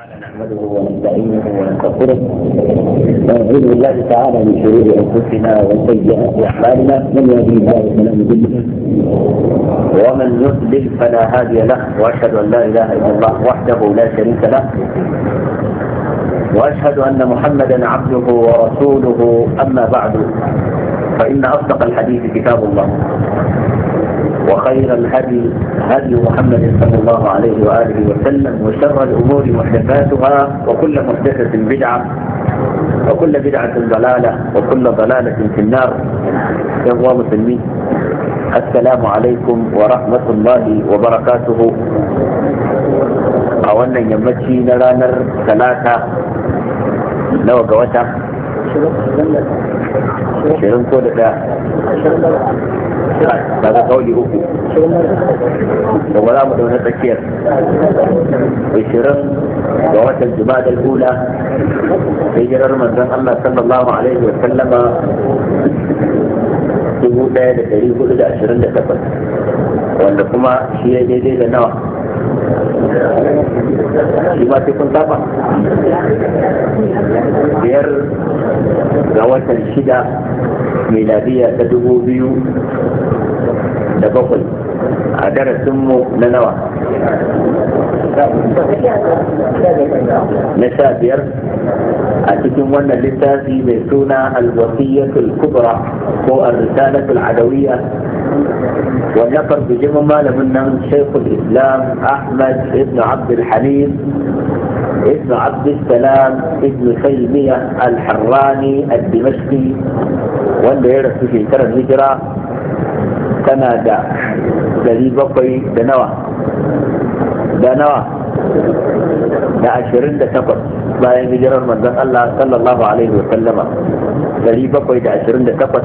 نحمده ونستعينه ونستغفره ونعوذ بالله تعالى من شرور انفسنا وسيئات اعمالنا من يهدي الله فلا مضل له ومن يضلل فلا هادي له واشهد ان لا اله الا الله وحده لا شريك له واشهد ان محمدا عبده ورسوله اما بعد فان اصدق الحديث كتاب الله وخير الهدي هدي محمد صلى الله عليه وآله وسلم وشر الأمور محدثاتها وكل محدثة بدعة وكل بدعة ضلالة وكل ضلالة في النار يا مسلمين السلام عليكم ورحمة الله وبركاته أولا يمشي نرانر ثلاثة نوى قوتا شرم كودة ga kauli uku da ba za mu dauna tsakiyar ishirin ga watan jima'a ula hijirar manzon Allah sallallahu alaihi wa sallama dubu ɗaya da ɗari hudu da ashirin da takwas wanda kuma shi ya daidai da nawa shi ma sai kun saba biyar ga watan shida ميلاديه تدبوبيو دبقل عدد سمو ننوى نسابير أتكم وانا لتازي بسونا الوصية الكبرى هو الرسالة العدوية ونقر بجمع ما لمنا شيخ الإسلام أحمد ابن عبد الحليم ابن عبد السلام ابن تيمية الحراني الدمشقي والليلة في شكر الهجرة كما دا ذي بقوي دنوى دنوى دا عشرين دا تقر لا ينجر المنزل الله صلى الله عليه وسلم ذي بقوي دا عشرين دا تقر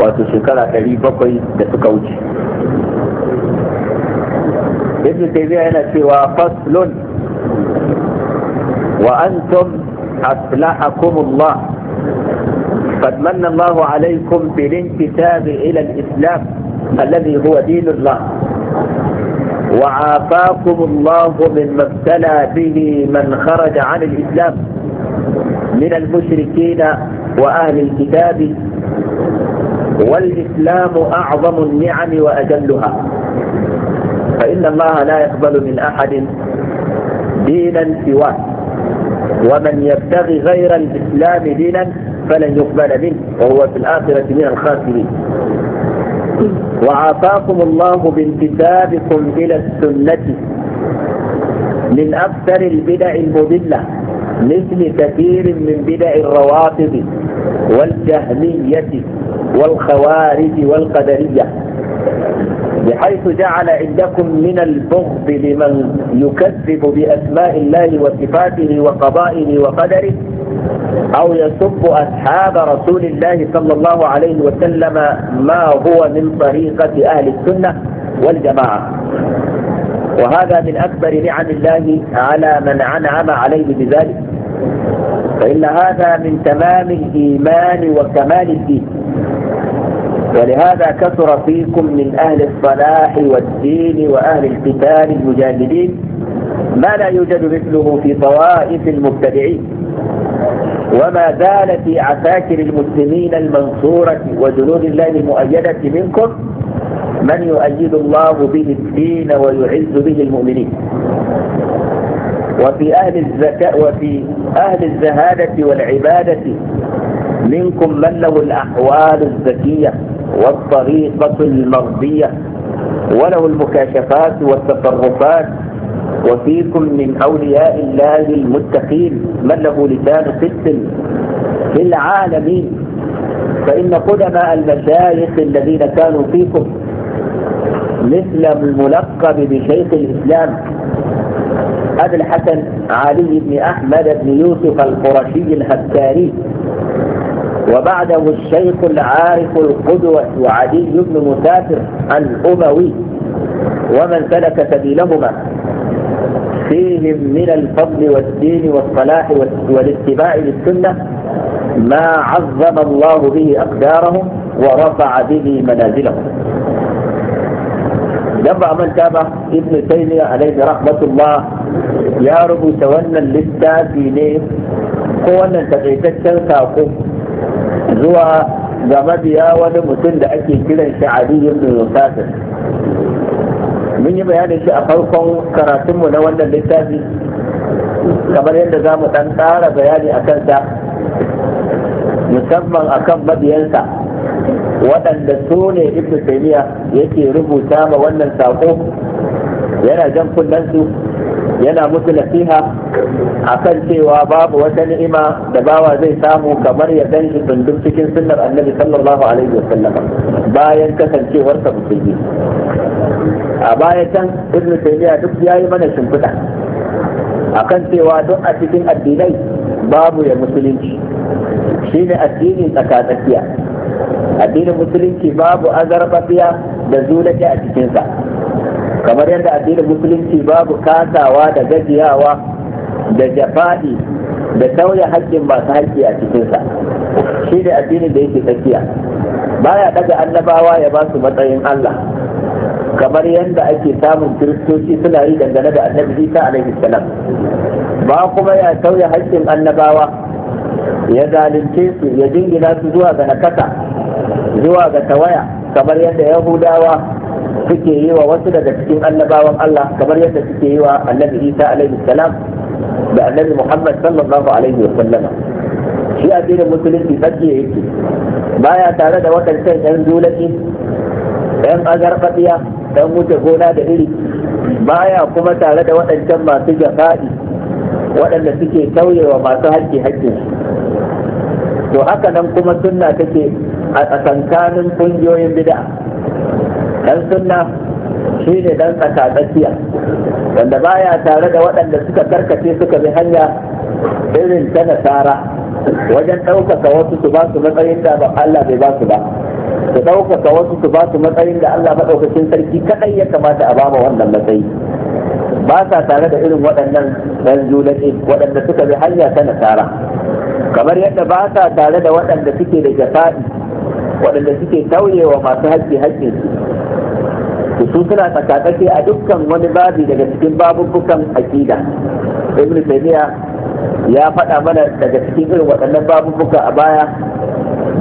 وتشكر ذي بقي دا تكوج ابن تيمية هنا سوى فصل وأنتم أفلحكم الله قد من الله عليكم بالانتساب إلى الإسلام الذي هو دين الله وعافاكم الله مما ابتلى به من خرج عن الإسلام من المشركين وأهل الكتاب والإسلام أعظم النعم وأجلها فإن الله لا يقبل من أحد دينا سواه ومن يبتغي غير الإسلام دينا فلن يقبل منه وهو في الآخرة من الخاسرين وعافاكم الله بانتسابكم إلى السنة من أكثر البدع المضلة مثل كثير من بدع الروافض والجهمية والخوارج والقدرية بحيث جعل عندكم من البغض لمن يكذب بأسماء الله وصفاته وقضائه وقدره أو يسب أصحاب رسول الله صلى الله عليه وسلم ما هو من طريقة أهل السنة والجماعة وهذا من أكبر نعم الله على من أنعم عليه بذلك فإن هذا من تمام الإيمان وكمال الدين ولهذا كثر فيكم من أهل الصلاح والدين وأهل القتال المجاهدين ما لا يوجد مثله في طوائف المبتدعين وما زال في عساكر المسلمين المنصورة وجنود الله المؤيدة منكم من يؤيد الله به الدين ويعز به المؤمنين وفي أهل الزكاة وفي أهل الزهادة والعبادة منكم من له الأحوال الزكية والطريقة المرضية وله المكاشفات والتصرفات وفيكم من أولياء الله المتقين من له لسان صدق في العالمين فإن قدماء المشايخ الذين كانوا فيكم مثل الملقب بشيخ الإسلام أبي الحسن علي بن أحمد بن يوسف القرشي الهكاري وبعده الشيخ العارف القدوة وعلي بن مسافر الأموي ومن سلك سبيلهما فيهم من الفضل والدين والصلاح والاتباع للسنة ما عظم الله به أقدارهم ورفع به منازلهم لما من تابع ابن تيمية عليه رحمة الله يا رب تولى للتابعين قوانا wannan takaitaccen zuwa ga mabiya wani mutum da ake kiran shi Ali ibn Musadir mun yi bayanin shi a farkon karatunmu na wannan littafi kamar yadda za mu dan tsara bayani a kansa musamman akan kan mabiyansa waɗanda su ne ibn Taymiyyah yake rubuta ma wannan sako yana jan su yana musu nasiha akan cewa babu wata ni'ima da bawa zai samu kamar ya ganshi tundum cikin sunnar annabi sallallahu alaihi wasallam bayan kasancewarsa musulmi a baya can ibnu taymiya duk yayi mana shimfiɗa akan cewa duk a cikin addinai babu ya musulunci shine addini tsakatsakiya addinin musulunci babu azarbabiya da zulaki a cikinsa kamar yadda addinin musulunci babu kasawa da gajiyawa da jafa'i da tauye haƙƙin masu haƙƙi a cikinsa shi da addinin da yake tsakiya baya daga annabawa ya ba su matsayin Allah kamar yadda ake samun kiristoci suna yi dangane da annabi Isa alaihi salam ba kuma ya tauye haƙƙin annabawa ya zalunce su ya jingina su zuwa ga nakasa zuwa ga tawaya kamar yadda yahudawa suke yi wa wasu daga cikin annabawan Allah kamar yadda suke yi wa annabi Isa alaihi salam da annabi Muhammad sallallahu alaihi wa sallama shi addinin musulunci tsakiya yake baya tare da waɗancan yan zulaki yan azarfaɗiya yan wuce gona da iri baya kuma tare da waɗancan masu jafa'i waɗanda suke tauyewa masu haƙƙi haƙƙin to haka nan kuma sunna take a tsankanin ƙungiyoyin bid'a dan sunna shi ne dan tsakatsakiya wanda baya tare da waɗanda suka karkace suka bi hanya irin ta nasara wajen ɗaukaka wasu su ba su matsayin da Allah bai ba su ba su ɗaukaka wasu su ba su matsayin da Allah maɗaukacin sarki kaɗai ya kamata a bama wannan matsayi ba sa tare da irin waɗannan ɗan julaɗe waɗanda suka bi hanya ta nasara kamar yadda ba sa tare da waɗanda suke da jafa'i waɗanda suke tauye wa masu haƙƙi haƙƙinsu to su suna tsakatsake a dukkan wani babi daga cikin babubukan aqida ibn taymiya ya faɗa mana daga cikin irin waɗannan babubuka a baya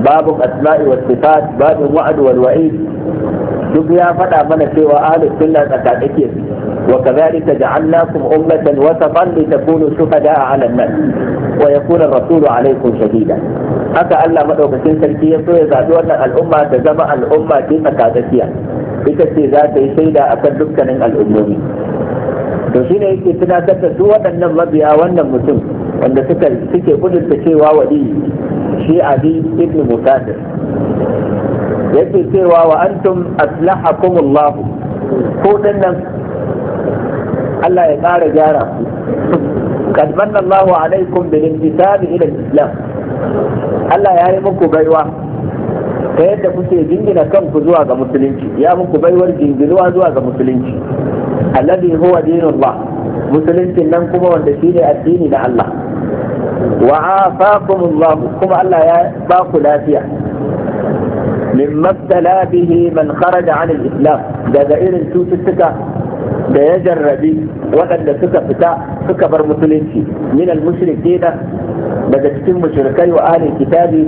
babun asma'i was sifat babin wa'd wal wa'id duk ya faɗa mana cewa ahlus sunna tsakatsake وكذلك جعلناكم أمة وسطا لتكونوا شهداء على الناس ويكون الرسول عليكم shahida haka Allah madaukakin sarki ya so ya zaɓi wannan al'umma ta zama al'umma ce tsakadakiya ita ce za ta yi shaida a kan dukkanin al'ummomi to ne yake tunatar da su waɗannan mabiya wannan mutum wanda suka suke kudurta cewa wali shi ali ibn mukadir yake cewa wa antum aslahakumullah ko dinnan Allah ya ƙara gyara kad manna Allahu alaikum bil intisab ila islam Allah ya yi muku baiwa ta yadda kuke jingina kanku zuwa ga musulunci ya muku baiwar jinginuwa zuwa ga musulunci alladhi huwa dinullah musulunci nan kuma wanda shine addini na Allah wa afakumullah kuma Allah ya ba ku lafiya min mabtala bihi man kharaja an al-islam daga irin cututtuka da ya jarrabi waɗanda suka fita suka bar musulunci min al-mushrikeena daga cikin mushrikai wa ahli kitabi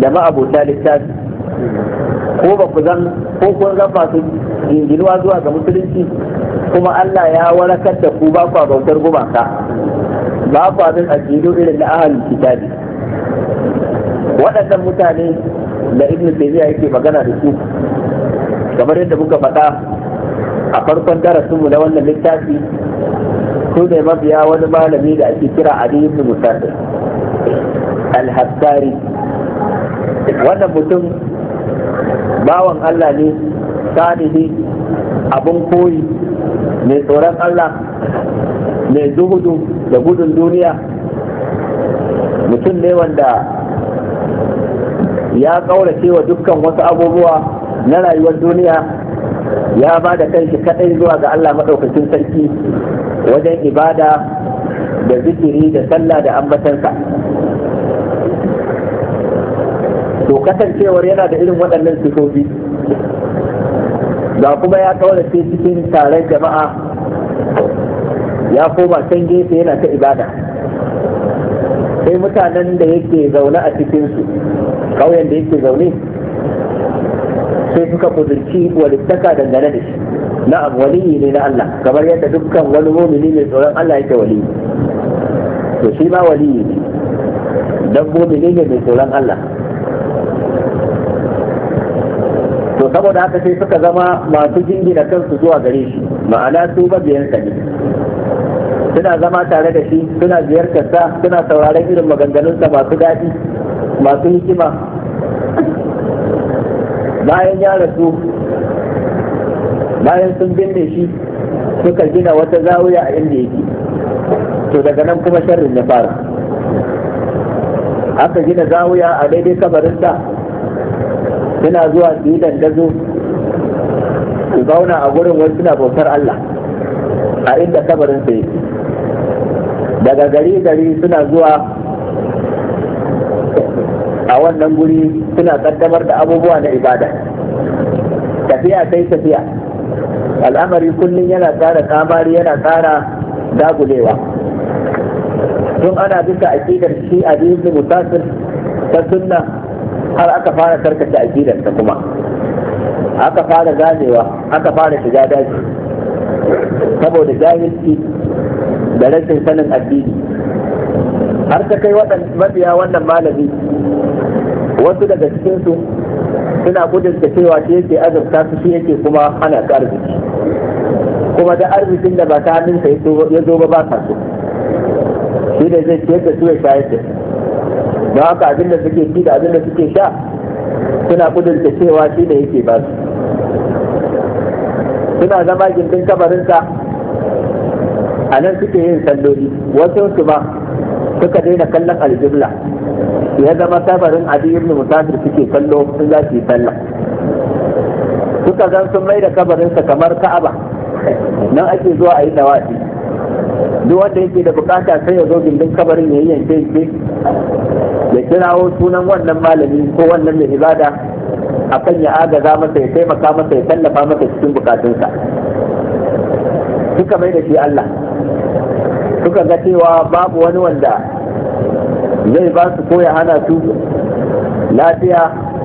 da ma'abuta littafi ko ba ku zan ko kun zan masu jinginuwa zuwa ga musulunci kuma Allah ya warakar da ku ba ku bautar gumaka ba ku bin addinu irin na ahalin kitabi waɗannan mutane da ibn taymiya yake magana da su kamar yadda muka faɗa a farkon darasinmu na wannan littafi su ne mabiya wani malami da ake kira Ali ibn al-Hassari wannan mutum bawan Allah ne salihi abun koyi mai tsoron Allah mai zuhudu da gudun duniya mutum ne wanda ya ƙaurace wa dukkan wasu abubuwa na rayuwar duniya ya ba da shi kaɗai zuwa ga Allah maɗaukacin sarki wajen ibada da zikiri da sallah da ambatansa to kasancewar yana da irin waɗannan sifofi ga kuma ya kaurace cikin taron jama'a ya koma can gefe yana ta ibada sai mutanen da yake zaune a cikinsu ƙauyen da yake zaune sai suka kudurci walittaka dangane da shi na'am waliyi ne na Allah kamar yadda dukkan wani mumini mai tsoron Allah yake waliyi to shi ma waliyi ne dan mumini ne mai tsoron Allah to saboda haka sai suka zama masu jingina kansu zuwa gare shi ma'ana su mabiyansa ne suna zama tare da shi suna ziyartar sa suna sauraron irin maganganunsa masu daɗi masu hikima bayan ya rasu bayan sun binne shi suka gina wata zawiya a inda yake to daga nan kuma sharrin ya fara aka gina zawiya a daidai kabarinsa suna zuwa su yi dandazo su zauna a gurin wasu suna bautar Allah a inda kabarin su yake daga gari gari suna zuwa a wannan guri suna kaddamar da abubuwa na ibada tafiya sai tafiya al'amari kullum yana tsara kamari yana tsara dagulewa tun ana bisa aƙidar shi a mutasir ta sunna har aka fara karkata aqidarsa kuma aka fara gajewa aka fara shiga daji saboda jahilci da rashin sanin addini har ta kai mabiya wannan malami wasu daga cikinsu suna gudunta cewa shi yake azurta su shi yake kuma hana su arziki kuma da arzikin da ba ta hannunsa ya zo ba ba so shi da zai ciyar da su ya shayar da su don haka abin da suke ci da abin da suke sha suna kudurta cewa shi ne yake ba su suna zama gindin kabarinsa a nan suke yin salloli wasu su ma suka daina kallon aljibla ya zama kabarin adi ibn musafir suke kallo sun za su yi sallah suka zan sun mai da kabarinsa kamar ka'aba nan ake zuwa a yi dawaki duk wanda yake da bukata sai ya zo gindin kabarin ya yi yanke ya kirawo sunan wannan malami ko wannan mai ibada akan ya agaza masa ya taimaka masa ya tallafa masa cikin bukatunsa suka mai da shi Allah suka ga cewa babu wani wanda zai ba su ko hana su lafiya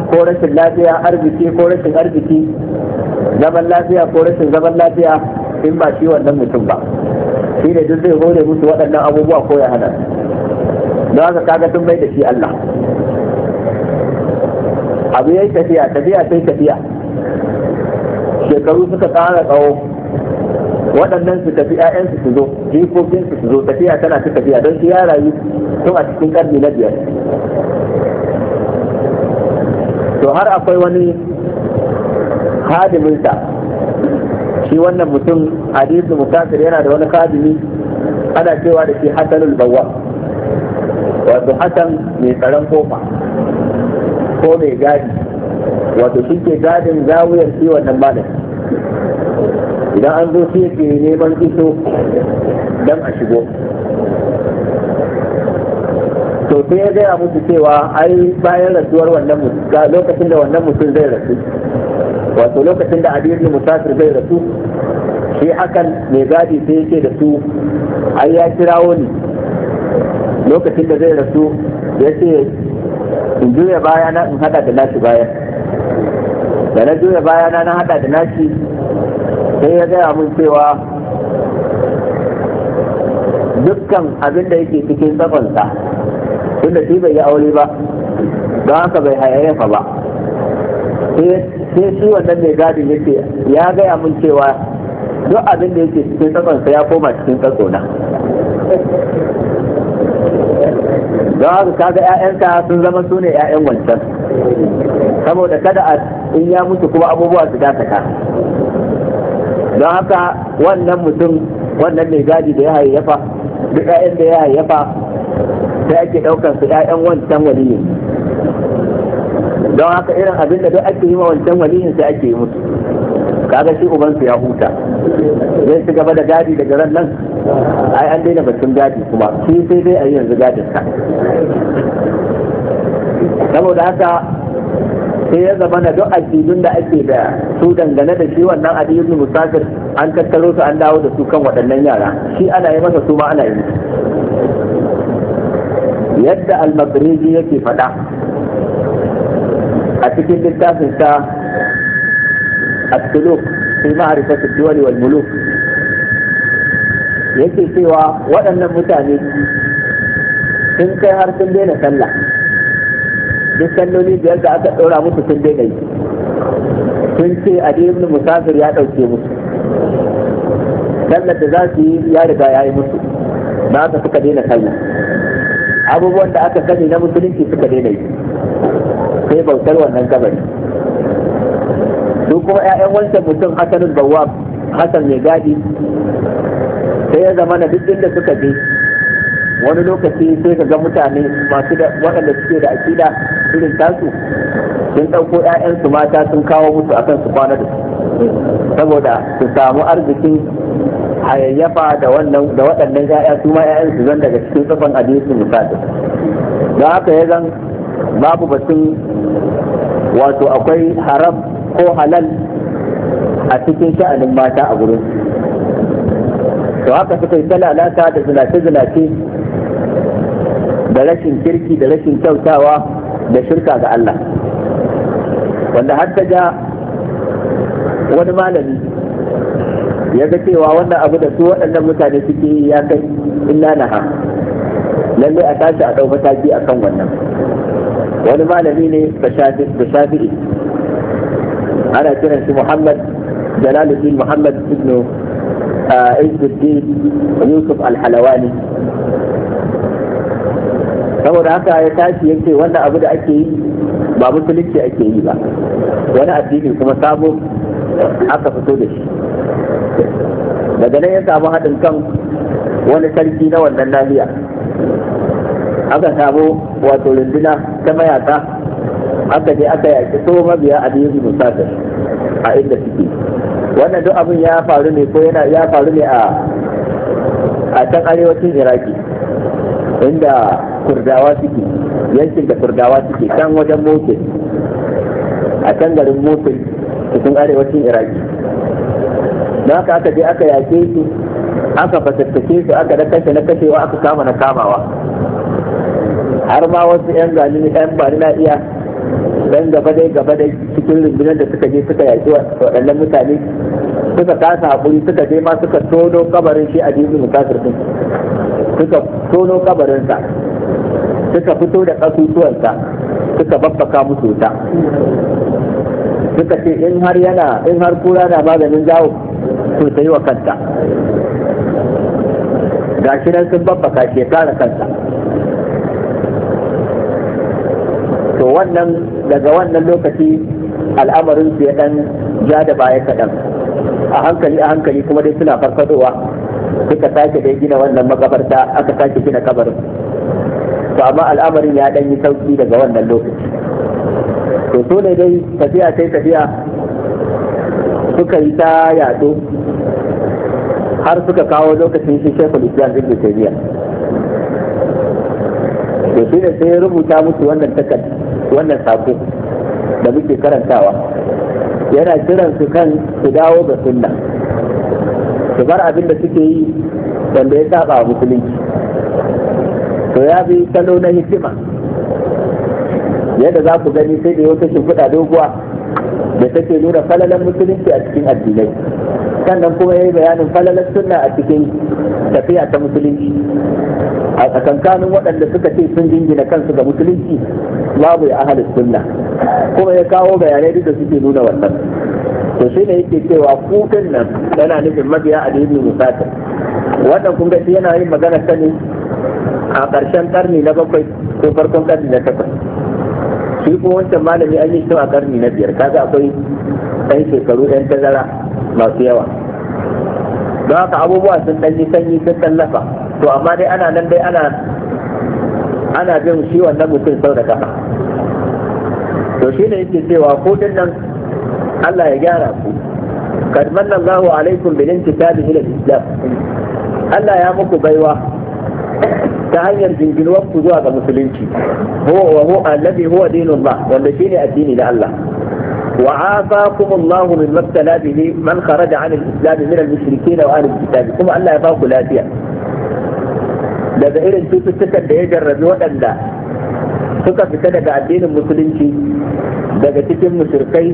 ko rashin lafiya arziki ko rashin arziki zaman lafiya ko rashin zaman lafiya in ba shi wannan mutum ba shi ne duk zai hore musu waɗannan abubuwa ko ya hana su don haka kaga sun bai da shi Allah abu yayi tafiya tafiya sai tafiya shekaru suka tsara tsawo waɗannan su tafi ‘ya'yansu su zo jikokinsu su zo tafiya tana ta tafiya don su ya rayu tun a cikin karni na biyar to har akwai wani hadiminsa shi wannan mutum hadisu mukasir yana da wani hadimi ana cewa da shi hasanul bawwa wato hasan mai tsaron kofa ko mai gadi wato shi ke gadin zawiyar shi wannan malam idan an zo sai ke neman iso don a shigo to sai ya gaya musu cewa ai bayan rasuwar wannan mutum lokacin da wannan mutum zai rasu wato lokacin da adirni musafir zai rasu shi hakan mai gadi sai yake da su ai ya kirawo ni lokacin da zai rasu ya ce in juya baya na in hada da nashi baya da na juya baya na na hada da nashi sai ya gaya mun cewa dukkan abin da yake cikin tsakonsa tunda shi bai yi aure ba don haka bai hayayyafa ba sai shi wannan mai ya ce ya gaya mun cewa duk abin da yake cikin tsakonsa ya koma cikin tsakona don haka kaga ƴaƴanka sun zama su ne ƴaƴan wancan saboda kada a in ya mutu kuma abubuwa su dakata don haka wannan mutum wannan mai gadi da ya hayyafa duk ƴaƴan da ya hayyafa sai ake ɗaukar su ƴaƴan wancan waliyi don haka irin abin da duk ake yi ma wancan waliyin sai ake yi musu kaga shi ubansu ya huta zai ci gaba da gadi daga ran nan ai an daina batun gadi kuma shi sai dai a yi yanzu gadin ka saboda haka sai ya zama na duk addinin da ake da su dangane da shi wannan addinin musafir an tattaro su an dawo da su kan waɗannan yara shi ana yi masa su ma ana yi yadda almabriji yake faɗa a cikin littafin sa a fi ma'arifatu wal muluk yake cewa waɗannan mutane sun kai har sun daina sallah duk salloli biyar da aka ɗora musu sun daina yi sun ce a ibn musafir ya ɗauke musu sallar da za su yi ya riga ya yi musu ba aka suka daina sallah abubuwan da aka sani na musulunci suka daina yi sai bautar wannan gabari su kuma 'ya'yan wancan mutum hasanul bawwab hasan mai gadi sai ya zama na duk inda suka je wani lokaci sai ka ga mutane masu da waɗanda suke da akida irin tasu sun ɗauko 'ya'yansu mata sun kawo musu akan su kwana da su saboda su samu arzikin hayayyafa da wannan da waɗannan 'ya'ya su ma 'ya'yansu zan daga cikin tsafan addinin misali don haka ya zan babu batun wato akwai haram ko halal a cikin sha'anin mata a gurin to haka suka yi talalata da zinace-zinace da rashin kirki da rashin kyautawa da shirka ga Allah wanda har ta ja wani malami ya ga cewa wannan abu da su waɗannan mutane suke yi ya kai illa naha lallai a tashi a ɗau mataki a kan wannan wani malami ne bashafi'i ana kiran shi muhammad jalaluddin muhammad ibnu عز الدين يوسف الحلواني saboda haka ya tashi ya ce wannan abu da ake yi ba musulunci ake yi ba wani addini kuma sabo aka fito da shi daga nan ya samu haɗin kan wani sarki na wannan nahiya aka samu wato runduna ta mayaka aka je aka yaƙi so mabiya a musafir a inda suke wannan duk abin ya faru ne ko yana ya faru ne a a can arewacin iraki inda kurdawa suke yankin da kurdawa suke can wajen mokin a can garin mokin cikin arewacin iraki don haka aka je aka yake su aka fasattake su aka na kashe na kashewa aka kama na kamawa har ma wasu 'yan zalimi 'yan bari na iya dan gaba dai gaba dai cikin rundunar da suka je suka yaki waɗannan mutane suka kasa hakuri suka je ma suka tono kabarin shi a jirgin musafir din suka tono kabarinsa suka fito da ƙasusuwansa suka babbaka musu ta suka ce in har yana in har kura na maganin zawo to ta yi wa kanta gashi nan sun babbaka shi ya kanta. to wannan daga wannan lokaci al'amarin su ya dan ja da baya kaɗan a hankali a hankali kuma dai suna farfadowa suka sake dai gina wannan makabarta aka sake gina kabarin to amma al'amarin ya dan yi sauki daga wannan lokaci to so ne dai tafiya sai tafiya suka yi ta yaɗo har suka kawo lokacin shi shekul islam ibn tafiya. to shi ne sai rubuta musu wannan takarda wannan sako da muke karantawa yana kiran su kan su dawo ga sunna su bar abin da suke yi wanda ya saba wa musulunci to ya bi salo na hikima yadda za ku gani sai da wata shimfiɗa doguwa da take nuna falalan musulunci a cikin addinai sannan kuma ya yi bayanin falalan sunna a cikin tafiya ta musulunci a tsakankanin waɗanda suka ce sun jingina kansu ga musulunci babu ya ahalus sunna kuma ya kawo bayanai duk da suke nuna wannan to shi ne yake cewa kukan nan yana nufin mabiya a dini musata wannan kun gaci yana yin magana ta ne a ƙarshen ƙarni na bakwai ko farkon ƙarni na takwas shi kuma wancan malami an yi shi a ƙarni na biyar kaga akwai ɗan shekaru ɗan tazara masu yawa don haka abubuwa sun ɗan yi sanyi sun tallafa to amma dai ana nan dai ana ana bin shi wannan mutum sau da kafa to shi ne yake cewa ko dinnan Allah ya gyara ku kad manna Allahu alaikum bil intisabi ila islam Allah ya muku baiwa ta hanyar jinginuwar ku zuwa ga musulunci huwa wa huwa alladhi huwa ba wanda shine addini da Allah wa وعافاكم الله من ما ابتلى به من خرج عن wa من المشركين kuma allah ya الله ku lafiya daga irin cututtukan da ya jarrabi waɗanda suka fita daga addinin musulunci daga cikin mushrikai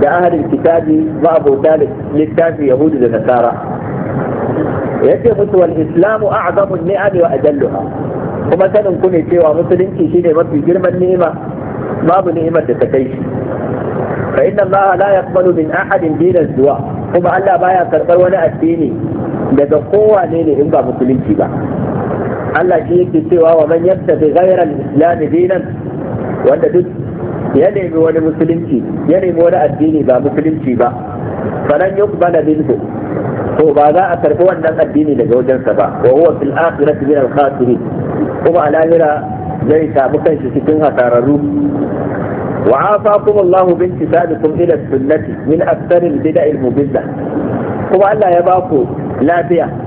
da ahalin kitabi ma'abota littafi yahudu da nasara yace mutu wal islamu a'zamu ni'ami wa ajalluha kuma sanin ku ne cewa musulunci shine mafi girman ni'ima babu ni'imar da ta kai shi fa inna Allah la yaqbalu min ahadin dinan zuwa kuma Allah baya karbar wani addini daga kowane ne in ba musulunci ba Allah shi yake cewa wa man yattabi ghayra al-islam dinan wanda duk ya nemi wani musulunci ya nemi wani addini ba musulunci ba falan yuqbala minhu to ba za a karbi wannan addini daga wajensa ba wa huwa fil akhirati min al-khasirin kuma a lahira zai samu kanshi cikin hasararru وعافاكم الله بانتسابكم الى السنه من اكثر البدع المضله kuma Allah ya ba ku lafiya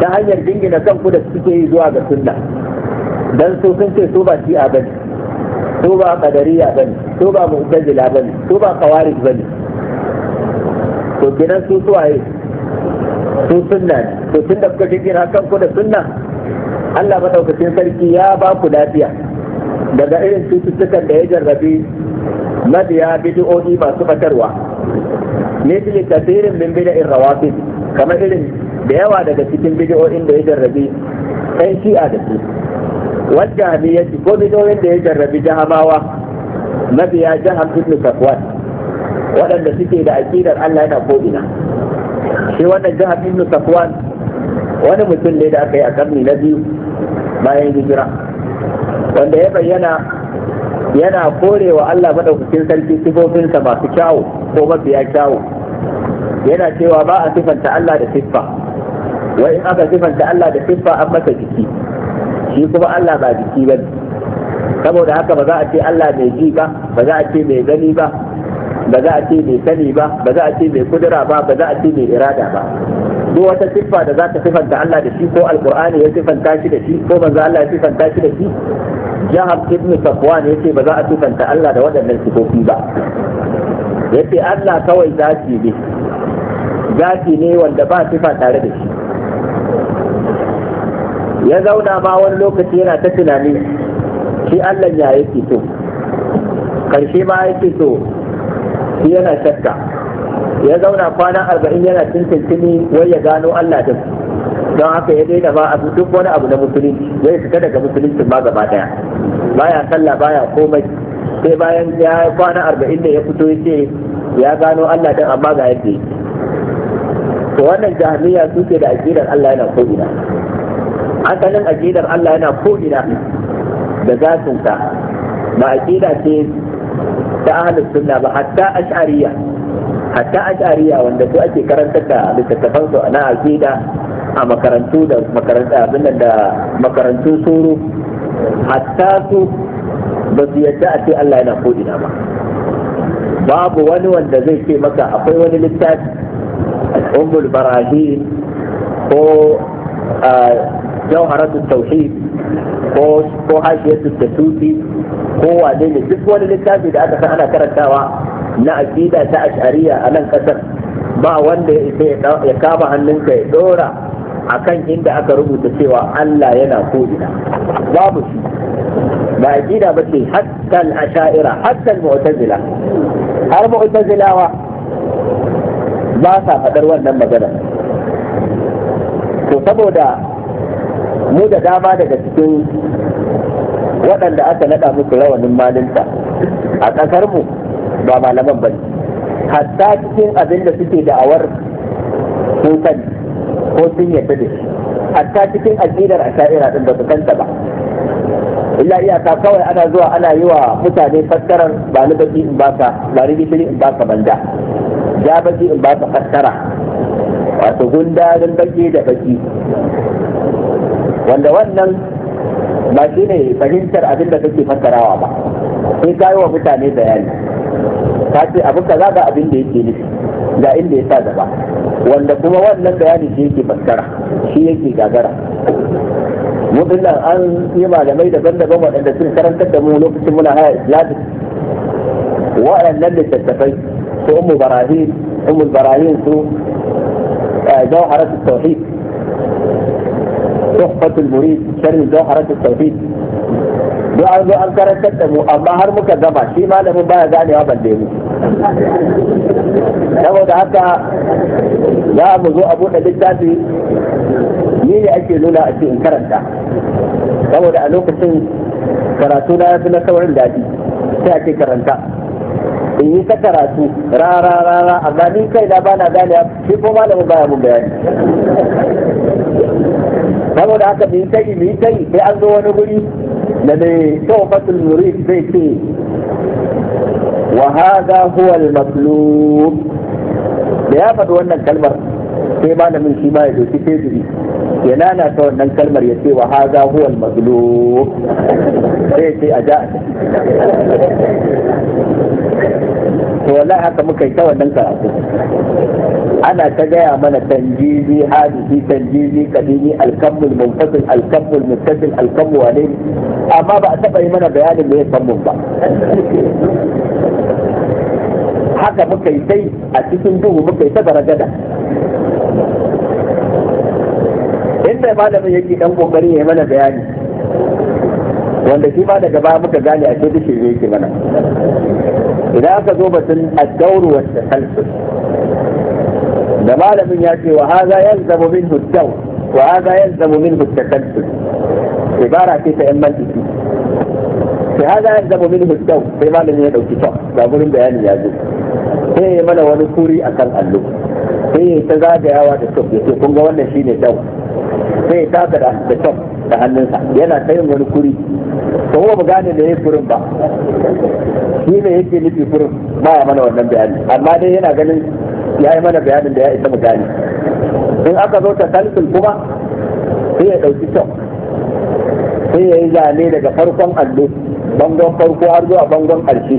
ta hanyar jingina kanku da suke yi zuwa ga sunna dan su sun ce su ba shi'a bane su ba qadariya bane su ba mu'tazila bane su ba qawarij bane to kenan su suwaye su sunna ne to da kuka jingina kanku da sunna Allah madaukakin sarki ya ba ku lafiya daga irin cututtukan da ya jarrabi mabiya bid'o'i masu batarwa ne su kasirin min bida'in rawatib kamar irin da yawa daga cikin bidiyoyin da ya jarrabi ɗan shi'a da su wadda ci ko bidiyoyin da ya jarrabi jahamawa mabiya jaham ibn safwan waɗanda suke da aƙidar Allah yana ina shi wannan jihar ibn safwan wani mutum ne da aka yi a karni na biyu bayan hijira wanda ya bayyana yana korewa Allah madaukakin sarki sifofinsa masu kyawu ko mafiya kyawu yana cewa ba a sifanta Allah da siffa wa in aka sifanta Allah da siffa an masa jiki shi kuma Allah ba jiki ba ne saboda haka ba za a ce Allah mai ji ba ba za a ce mai gani ba ba za a ce mai sani ba ba za a ce mai kudura ba ba za a ce mai irada ba duk wata siffa da za ta sifanta Allah da shi ko alkur'ani ya sifanta shi da shi ko manzo Allah ya sifanta shi da shi jahab ibn safwan yace ba za a sifanta Allah da waɗannan sifofi ba yace Allah kawai zati ne zati ne wanda ba sifa tare da shi ya zauna ma wani lokaci yana ta tunani shi Allah ya yake so karshe ma yake so shi yana shakka ya zauna kwana arba'in yana tuntuntuni wai ya gano Allah din don haka ya daina ba a duk wani abu na musulunci zai fita daga musulunci ma gaba daya baya sallah baya komai sai bayan ya kwana arba'in da ya fito ya ce ya gano Allah din amma ga yake to wannan jahiliya suke da aqidar Allah yana ko ina asalin aqidar Allah yana ko ina da zatinsa ba aqida ce ta ahlus sunna ba hatta ash'ariyya hatta ash'ariyya wanda su ake karantar da littattafan su na aqida a makarantu da makarantu abin da makarantu suru hatta su ba su yadda a ce Allah yana ko ina ba babu wani wanda zai ce maka akwai wani littafi ummul barahim, ko ah, jawharatu tauhid ko ko hashiyatu tasufi ko ne duk wani littafi da aka san ana karantawa na aqida ta ash'ariya a nan kasar ba wanda ya isa ya kama hannunka ya dora akan inda aka rubuta cewa Allah yana ko ina babu shi ba aqida ba ce hatta al-ash'ira hatta al-mu'tazila har mu'tazilawa ba sa faɗar wannan magana to saboda mu da dama daga cikin waɗanda aka naɗa musu rawanin malinta a ƙasar mu ba malaman ba hatta cikin abin da suke da'awar sun sani ko sun yadda da shi hatta cikin aƙidar sha'ira ɗin ba su kanta ba illa iyaka kawai ana zuwa ana yi wa mutane fassarar ba ni baki in baka ba ni gishiri in baka banda ja baki in baka fassara wato gundarin baki da baki wanda wannan ba shi ne fahimtar abin da take fassarawa ba sai ka yi wa mutane bayani ka ce abin kaza ga abin da yake nufi ga inda ya sa gaba wanda kuma wannan bayani shi yake fassara shi yake gagara mutum an yi malamai daban-daban waɗanda sun karantar da mu lokacin muna haya islamic waɗannan littattafai su umu barahim umu barahim su eh, jawharar tauhid تحفة المريد شر جوهرة التوحيد duk an zo an karantar da mu amma har muka gama shi malamin baya ganewa balle mu saboda haka za mu zo a buɗe littafi ni ne ake nuna a ce in karanta saboda a lokacin na fi na saurin sai karanta in yi ta karatu rara rara amma ni kai na bana ganewa shi ko malamin baya mun bayani saboda haka mu yi tayi mu yi tayi sai an zo wani guri da mai tawfatul murid zai ce wa hadha huwa al-matlub da ya faɗi wannan kalmar sai malamin shi ma ya doki tebiri ya lalata wannan kalmar ya ce wa haza huwa al-mazlum sai ce a ja to wallahi haka muka yi ta wannan karatu ana ta gaya mana tanjizi hadisi tanjizi kadimi alkammul munfasil alkammul muttasil alkammu wane amma ba a taba yi mana bayanin me ya sammun ba haka muka yi sai a cikin duhu muka yi ta baragada inda malamin yake dan kokarin ya mana bayani wanda shi ma daga baya muka gane a cikin shi yake mana idan aka zo batun ad-dawr wa tasalsul da malamin ya ce wa hadha yalzamu minhu ad-dawr wa hadha yalzamu minhu at-tasalsul ibara ce ta imman tiki sai hadha yalzamu minhu ad-dawr sai malamin ya dauki ta ga gurin bayani ya zo sai ya mana wani kuri akan allo sai yi ta zagayawa da top ya ce kun ga wannan ne dau sai ya taka da top da hannunsa yana ta yin wani kuri ta kuma mu gane da ya furin ba shi ne yake nufi furin ba ya mana wannan bayani amma dai yana ganin ya yi mana bayanin da ya isa mu gane in aka zo ta kalsul kuma sai ya ɗauki top sai ya yi zane daga farkon allo bangon farko har zuwa bangon ƙarshe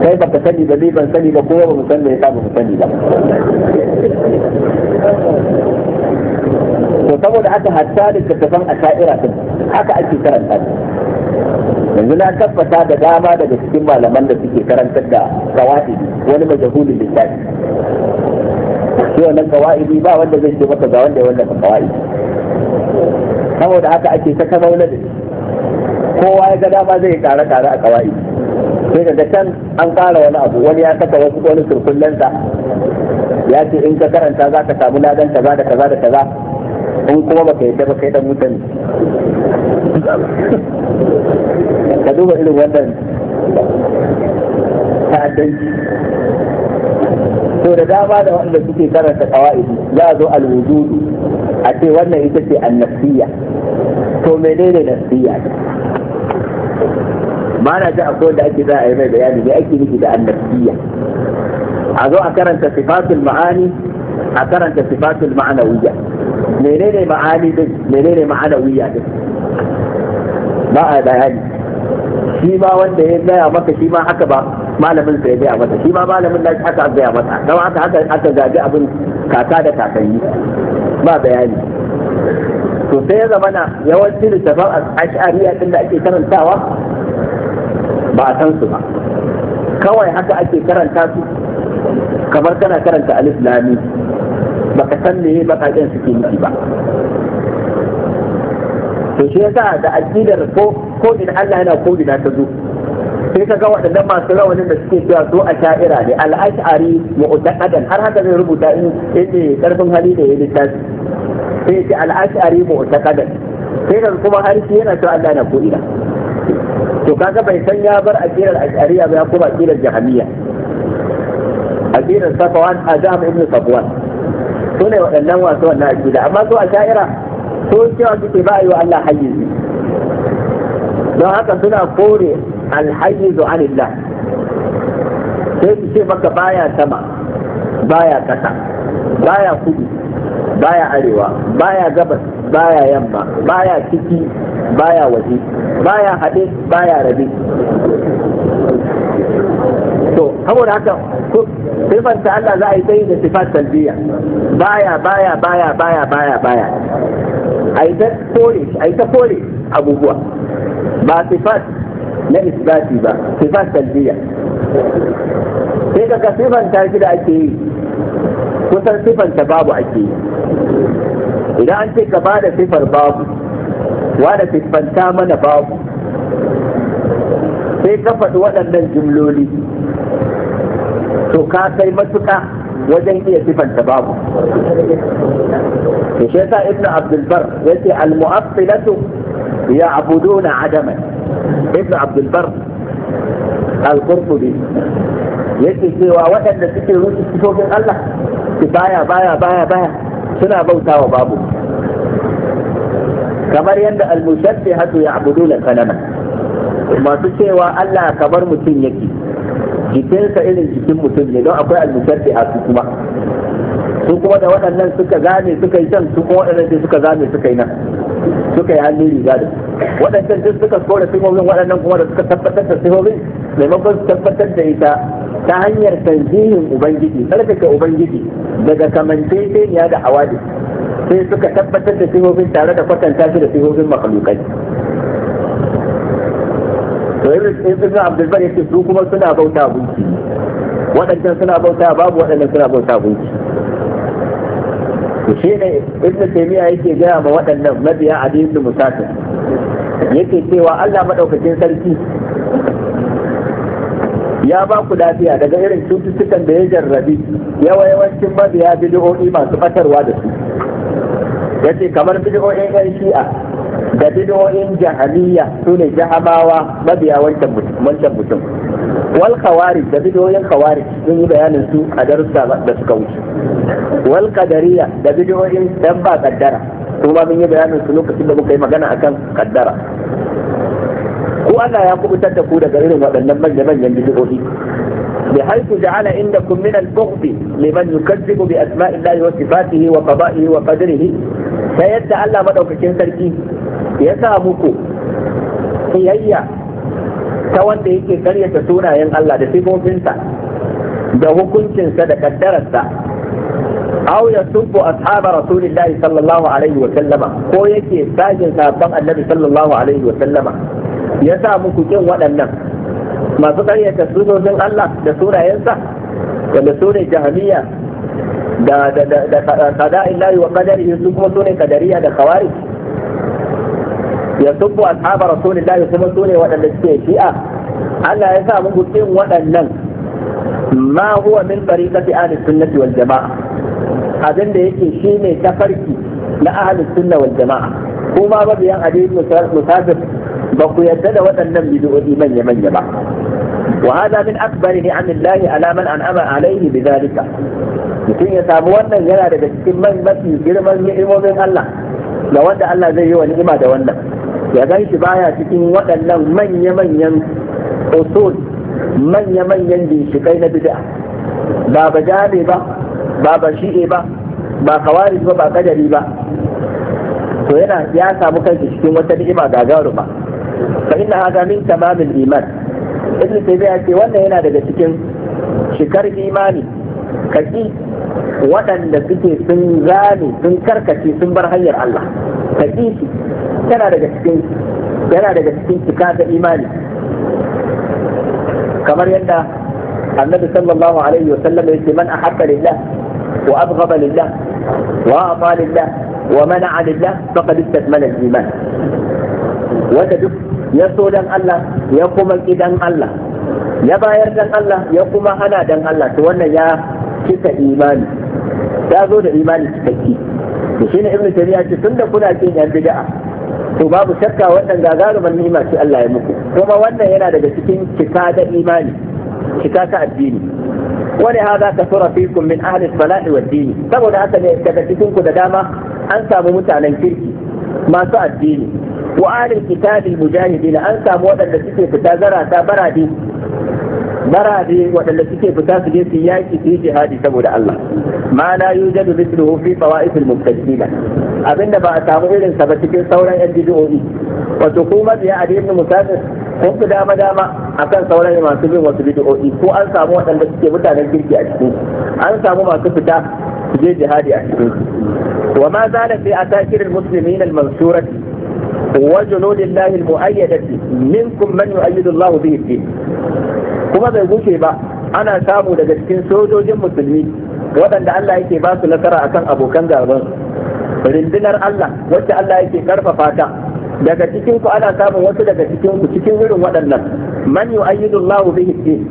kai baka sani ba ni ban sani ba kuma ba mu san me yasa ba mu sani ba to saboda haka hatta san a sha'ira din haka ake karanta yanzu na tabbata da dama daga cikin malaman da suke karantar da kawai wani majahulin littafi shi wannan kawaidi ba wanda zai ce maka ga wanda wanda ka kawaidi saboda haka ake ta kamaula da kowa ya ga dama zai kara kara a kawaidi sai ka can an fara wani abu wani ya saka wasu wani surkullensa ya ce in ka karanta za ka samu ladan kaza da kaza da kaza in kuma baka yadda ba kai dan mutane ka duba irin wannan ta'addanci to da dama da wanda suke karanta qawaidi za a zo al a ce wannan ita ce an-nafsiyya to menene nafsiyya ba na ji akwai da ake za a yi mai bayani ne ake nufi da annabiyya a zo a karanta sifatul ma'ani a karanta sifatul ma'anawiyya menene ma'ani din menene ma'anawiyya din ba a bayani shi ma wanda ya gaya maka shi ma haka ba malamin sa ya gaya masa shi ma malamin da haka an gaya masa don haka haka aka gaji abin kaka da kakanni ba bayani to sai ya zama na yawancin littafin ash'ariya din da ake karantawa ba a san su ba kawai haka ake karanta su kamar kana karanta alif lami ka san me bakaken suke nufi ba to shi yasa da aqidar ko ko in Allah yana ko ina ta zo sai ka ga waɗannan masu rawanin da suke cewa so a sha'ira ne al'ashari mu'taqadan har haka zai rubuta in yace karfin hali da ya littafi sai yace al'ashari mu'taqadan sai kuma har shi yana cewa Allah yana ko ina to kaga bai san ya bar aqidar ash'ariya ba ya kuma aqidar jahamiyya aqidar safwan adam ibn safwan to ne waɗannan wasu wannan aqida amma su sha'ira to cewa kike ba wa Allah hayyizi don haka suna kore alhayyizu anillah sai su ce maka baya sama baya kasa baya kudu baya arewa baya gabas baya yamma baya ciki baya waje baya haɗe baya rabe to saboda haka sifanta Allah za a yi sai da sifat talbiya baya baya baya baya baya baya a yi ta kore a ta kore abubuwa ba sifat na isbati ba sifat talbiya sai daga sifanta shi da ake yi kusan sifanta babu ake yi idan an ce ka ba da sifar babu wa da siffanta mana babu sai ka faɗi waɗannan jimloli to ka kai matuƙa wajen iya sifanta babu to shi yasa Ibn abdulbar ya ce, al ya abudu na adaman Ibn abdulbar al-qurtubi yake cewa waɗanda suke rufe sifofin Allah su baya baya baya baya suna bautawa babu kamar yadda ya mushabbihatu ya'buduna kanana masu cewa Allah kamar mutum yake jikinsa irin jikin mutum ne don akwai al-mushabbihatu kuma su kuma da waɗannan suka gane suka yi can su kuma waɗannan sai suka gane suka yi nan suka yi hannun riga da waɗancan duk suka kore sifofin waɗannan kuma da suka tabbatar da sifofin maimakon su tabbatar da ita ta hanyar tanzihin ubangiji tsarkake ubangiji daga kamanceceniya da awadi sai suka tabbatar da sifofin tare da kwatanta shi da sifofin makalukai to ibn abu bar yake su kuma suna bauta gunki waɗancan suna bauta babu waɗannan suna bauta gunki to shi ne ibn taymiya yake gaya ma waɗannan mabiya adi da musafir yake cewa Allah maɗaukakin sarki ya ba ku lafiya daga irin cututtukan da ya jarrabi yawa yawancin mabiya bid'o'i masu fatarwa da su ya ce kamar bid'o'in yan shi'a da bid'o'in jahaliya su ne jahamawa mabiya wancan mutum wal khawari da bid'o'in khawari sun yi bayanin su a darussa da suka wuce wal qadariya da bid'o'in dan ba kaddara kuma mun yi bayanin su lokacin da muka yi magana akan kaddara ku Allah ya kubutar da ku daga irin waɗannan manya-manyan bid'o'i بحيث جعل عندكم من البغض لمن يكذب بأسماء الله وصفاته وقضائه وقدره ta yadda Allah maɗaukakin sarki ya sa muku kiyayya ta wanda yake karyata sunayen Allah da sifofinsa da hukuncinsa da kaddararsa aw yasubbu ashabar rasulillahi sallallahu alaihi wa sallama ko yake sajin sahabban annabi sallallahu alaihi wa sallama ya sa muku kin waɗannan masu karyata sunonin Allah da sunayensa wanda su ne da da da qada illahi wa qadarihi su kuma sune qadariya da khawarij ya subbu ashabar rasulillahi kuma sune waɗanda suke shi'a Allah ya sa muku kin waɗannan ma huwa min tariqati ahli sunnati wal jamaa abin da yake shine tafarki na ahli sunna wal jamaa kuma mabiyan hadisi musafir ba ku yadda da waɗannan bid'o'i manya manya ba وهذا min أكبر نعم الله على من أنعم Alayhi بذلك mutum ya samu wannan yana daga cikin mafi girman ni'imomin Allah da wanda Allah zai yi wa ni'ima da wannan ya gan shi baya cikin waɗannan manya-manyan usul manya-manyan ginshikai na bid'a ba ba jami ba ba ba shi'e ba ba kawari ba ba kadari ba to yana ya samu kanshi cikin wata ni'ima ba fa inna hada min tamamil iman sai ya ce wannan yana daga cikin shikar imani kaki waɗanda suke sun gane sun karkace sun bar hanyar Allah ta shi tana daga cikin yana daga cikin cika da imani kamar yadda annabi sallallahu alaihi wa sallam yake man ahabba lillah wa abghaba lillah wa ata lillah wa mana'a lillah faqad istakmala al-iman Wata duk ya so dan Allah ya kuma kidan Allah ya bayar dan Allah ya kuma hana dan Allah to wannan ya cika imani ya zo da imani cikakki to shine ibnu taymiya ce tunda kuna cin yan bid'a to babu shakka wannan gagarumin ni'ima ce Allah ya muku kuma wannan yana daga cikin cika da imani cika ta addini wani hada ka tura fikum min ahli salahi wa dini saboda haka ne daga cikin ku da dama an samu mutanen kirki masu addini wa ahli kitabil mujahidin an samu waɗanda suke fita zarata baradi barade waɗanda suke fita su je su yaki su yi jihadi saboda Allah ma la yujadu mithluhu fi fawa'isil mubtadila abinda ba a samu irin sa ba cikin sauran yan bid'o'i wato kuma mabiya Ali ibn Musafir kun fi dama dama akan sauran masu bin wasu bid'o'i ko an samu waɗanda suke mutanen kirki a cikin an samu masu fita su je jihadi a cikin wa ma zala a takirin muslimin al-mansurati وجنود الله المؤيدة منكم من يؤيد الله به الدين kuma bai guce ba ana samu daga cikin sojojin musulmi waɗanda Allah yake ba nasara akan abokan gaban rindinar Allah wacce Allah yake karfafa ta daga cikin ku ana samun wasu daga cikin ku cikin irin waɗannan man yu'ayyidullahu bihi din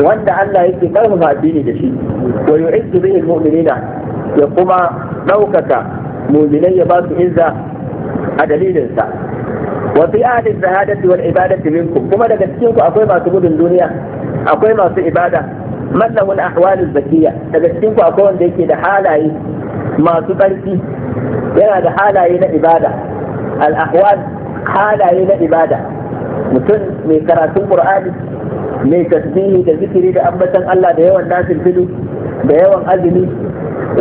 wanda Allah yake karfafa addini da shi wa yu'izzu bihi mu'minina ya kuma ɗaukaka mu'minai ya ba su izza a dalilinsa wa fi ahli shahadati wal ibadati minkum kuma daga cikin ku akwai masu gudun duniya akwai masu ibada man lahu al ahwal zakiyya daga cikin ku akwai wanda yake da halaye masu tsarki yana da halaye na ibada al ahwal halaye na ibada mutum mai karatun qur'ani mai tasbihi da zikiri da ambatan Allah da yawan nasir da yawan azumi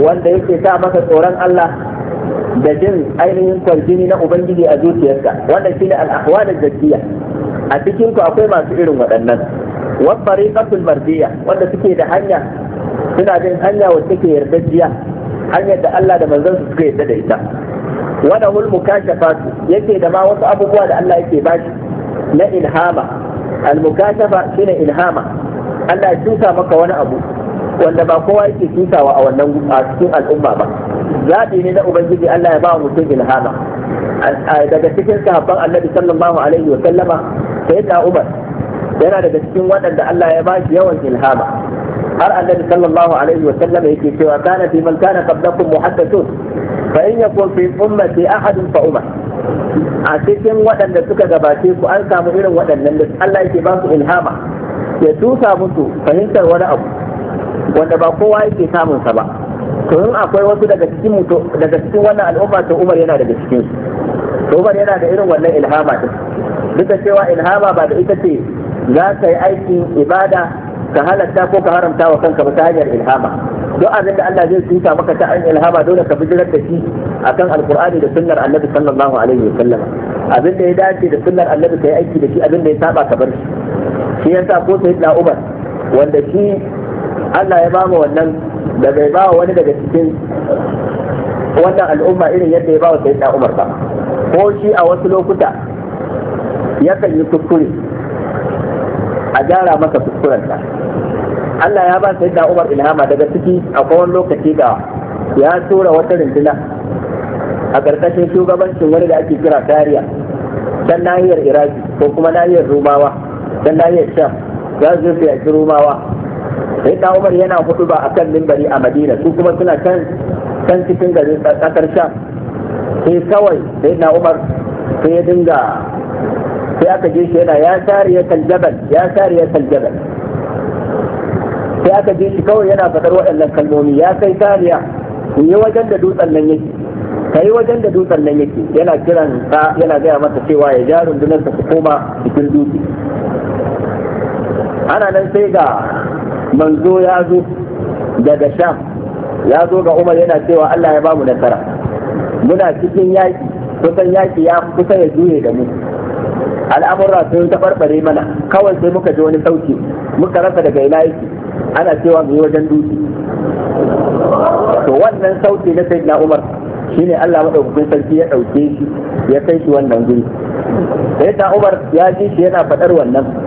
wanda yake sa maka tsoron Allah da jin ainihin kwarjini na ubangiji a zuciyarsa Wanda shi ne ahwal az-zakiyya a cikin ku akwai masu irin waɗannan wa tariqatul mardiyya wanda suke da hanya suna bin hanya wacce take yardajiya hanyar da Allah da manzon su suka yarda da ita wada hul mukashafatu yake da ma wasu abubuwa da Allah yake bashi na ilhama al mukashafa shine ilhama Allah ya tuka maka wani abu wanda ba kowa yake tukawa a wannan a cikin al'umma ba zaɓi ne na ubangiji Allah ya ba mutum ilhama daga cikin sahabban annabi sallallahu alaihi wa sallama sai da Umar yana daga cikin waɗanda Allah ya ba shi yawan ilhama har annabi sallallahu alaihi wa sallama yake cewa kana fi man kana qablakum muhaddathun fa in yakun fi ummati ahad fa Umar a cikin waɗanda suka gabace ku an samu irin waɗannan da Allah yake ba su ilhama ya tusa musu fahimtar wani abu wanda ba kowa yake samun sa ba to in akwai wasu daga cikin daga cikin wannan al'umma to Umar yana daga cikin su Umar yana da irin wannan ilhama din duk da cewa ilhama ba da ita ce za ka yi aikin ibada ka halatta ko ka haramta wa kanka ba ta hanyar ilhama duk abin da Allah zai tuta maka ta hanyar ilhama dole ka bijirar da shi akan alqur'ani da sunnar annabi sallallahu alaihi wasallam abin da ya dace da sunnar annabi ka yi aiki da shi abin da ya saba ka bar shi shi yasa ko sai da Umar wanda shi Allah ya ba mu wannan da bai ba wa wani daga cikin wannan al'umma irin yadda ya ba wa sayyidina Umar ba ko shi a wasu lokuta yakan yi kuskure a gyara masa kuskurensa Allah ya ba sayyidina Umar ilhama daga ciki a kowane lokaci da ya tura wata rintuna a ƙarƙashin shugabancin wani da ake kira tariya dan nahiyar iraki ko kuma nahiyar rumawa dan nahiyar sham za su yaƙi rumawa sai da Umar yana hudu ba a kan mimbari a Madina su kuma suna can can cikin garin kasar sha? sai kawai sai da Umar sai ya dinga sai aka ji shi yana ya sariya kaljabal ya sariya kaljabal sai aka ji shi kawai yana fadar waɗannan kalmomi ya kai tariya ku yi wajen da dutsen nan yake kai wajen da dutsen nan yake yana kiran sa yana gaya masa cewa ya ja rundunar ta su koma cikin dutse ana nan sai ga manzo ya zo daga sham ya zo ga umar yana cewa Allah ya bamu nasara muna cikin yaki kusan yaki ya kusa ya juye da mu al'amurra sun taɓarɓare mana kawai sai muka ji wani sauki muka rasa daga ina yake ana cewa mu yi wajen dutse to wannan sauki na na umar shine Allah madaukakin sarki ya ɗauke shi ya kai shi wannan guri Sai ta umar ya ji shi yana faɗar wannan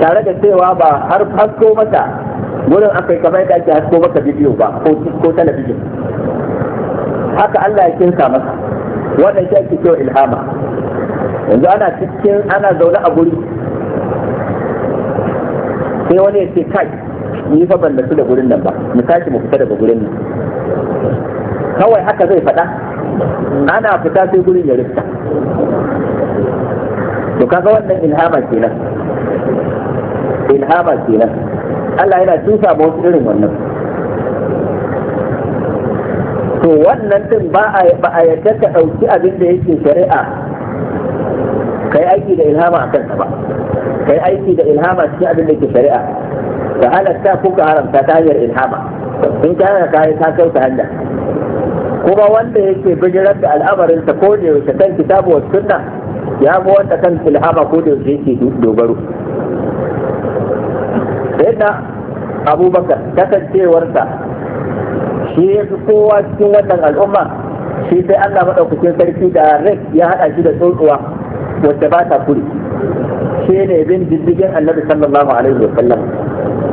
tare da cewa ba har hasko mata wurin yi kamar yadda ake hasko mata bidiyo ba ko talabijin haka Allah ya kinsa masa wannan shi ake cewa ilhama yanzu ana cikin ana zaune a guri sai wani ya ce kai ni fa ban da da gurin nan ba mu tashi mu fita daga gurin nan kawai haka zai faɗa ana fita sai gurin ya rikta to kaga wannan ilhama kenan ilhama kenan Allah yana tusa ma wasu irin wannan to wannan din ba a ba a yadda ka dauki abin da yake shari'a kai aiki da ilhama akan sa ba kai aiki da ilhama cikin abin da yake shari'a ka halatta ko ka haramta ta hanyar ilhama in ka kai ta kauta hanya kuma wanda yake bijirar da al'amarinsa ko da yaushe kan kitabu wa sunna ya ga wanda kan ilhama ko da yaushe yake dogaro sayyidina abubakar kasancewarsa shi ya fi kowa cikin wannan al'umma shi sai allah maɗaukacin sarki da rai ya haɗa shi da tsotsuwa wacce ba ta kuri shi ne bin diddigin annabi sallallahu alaihi wa sallam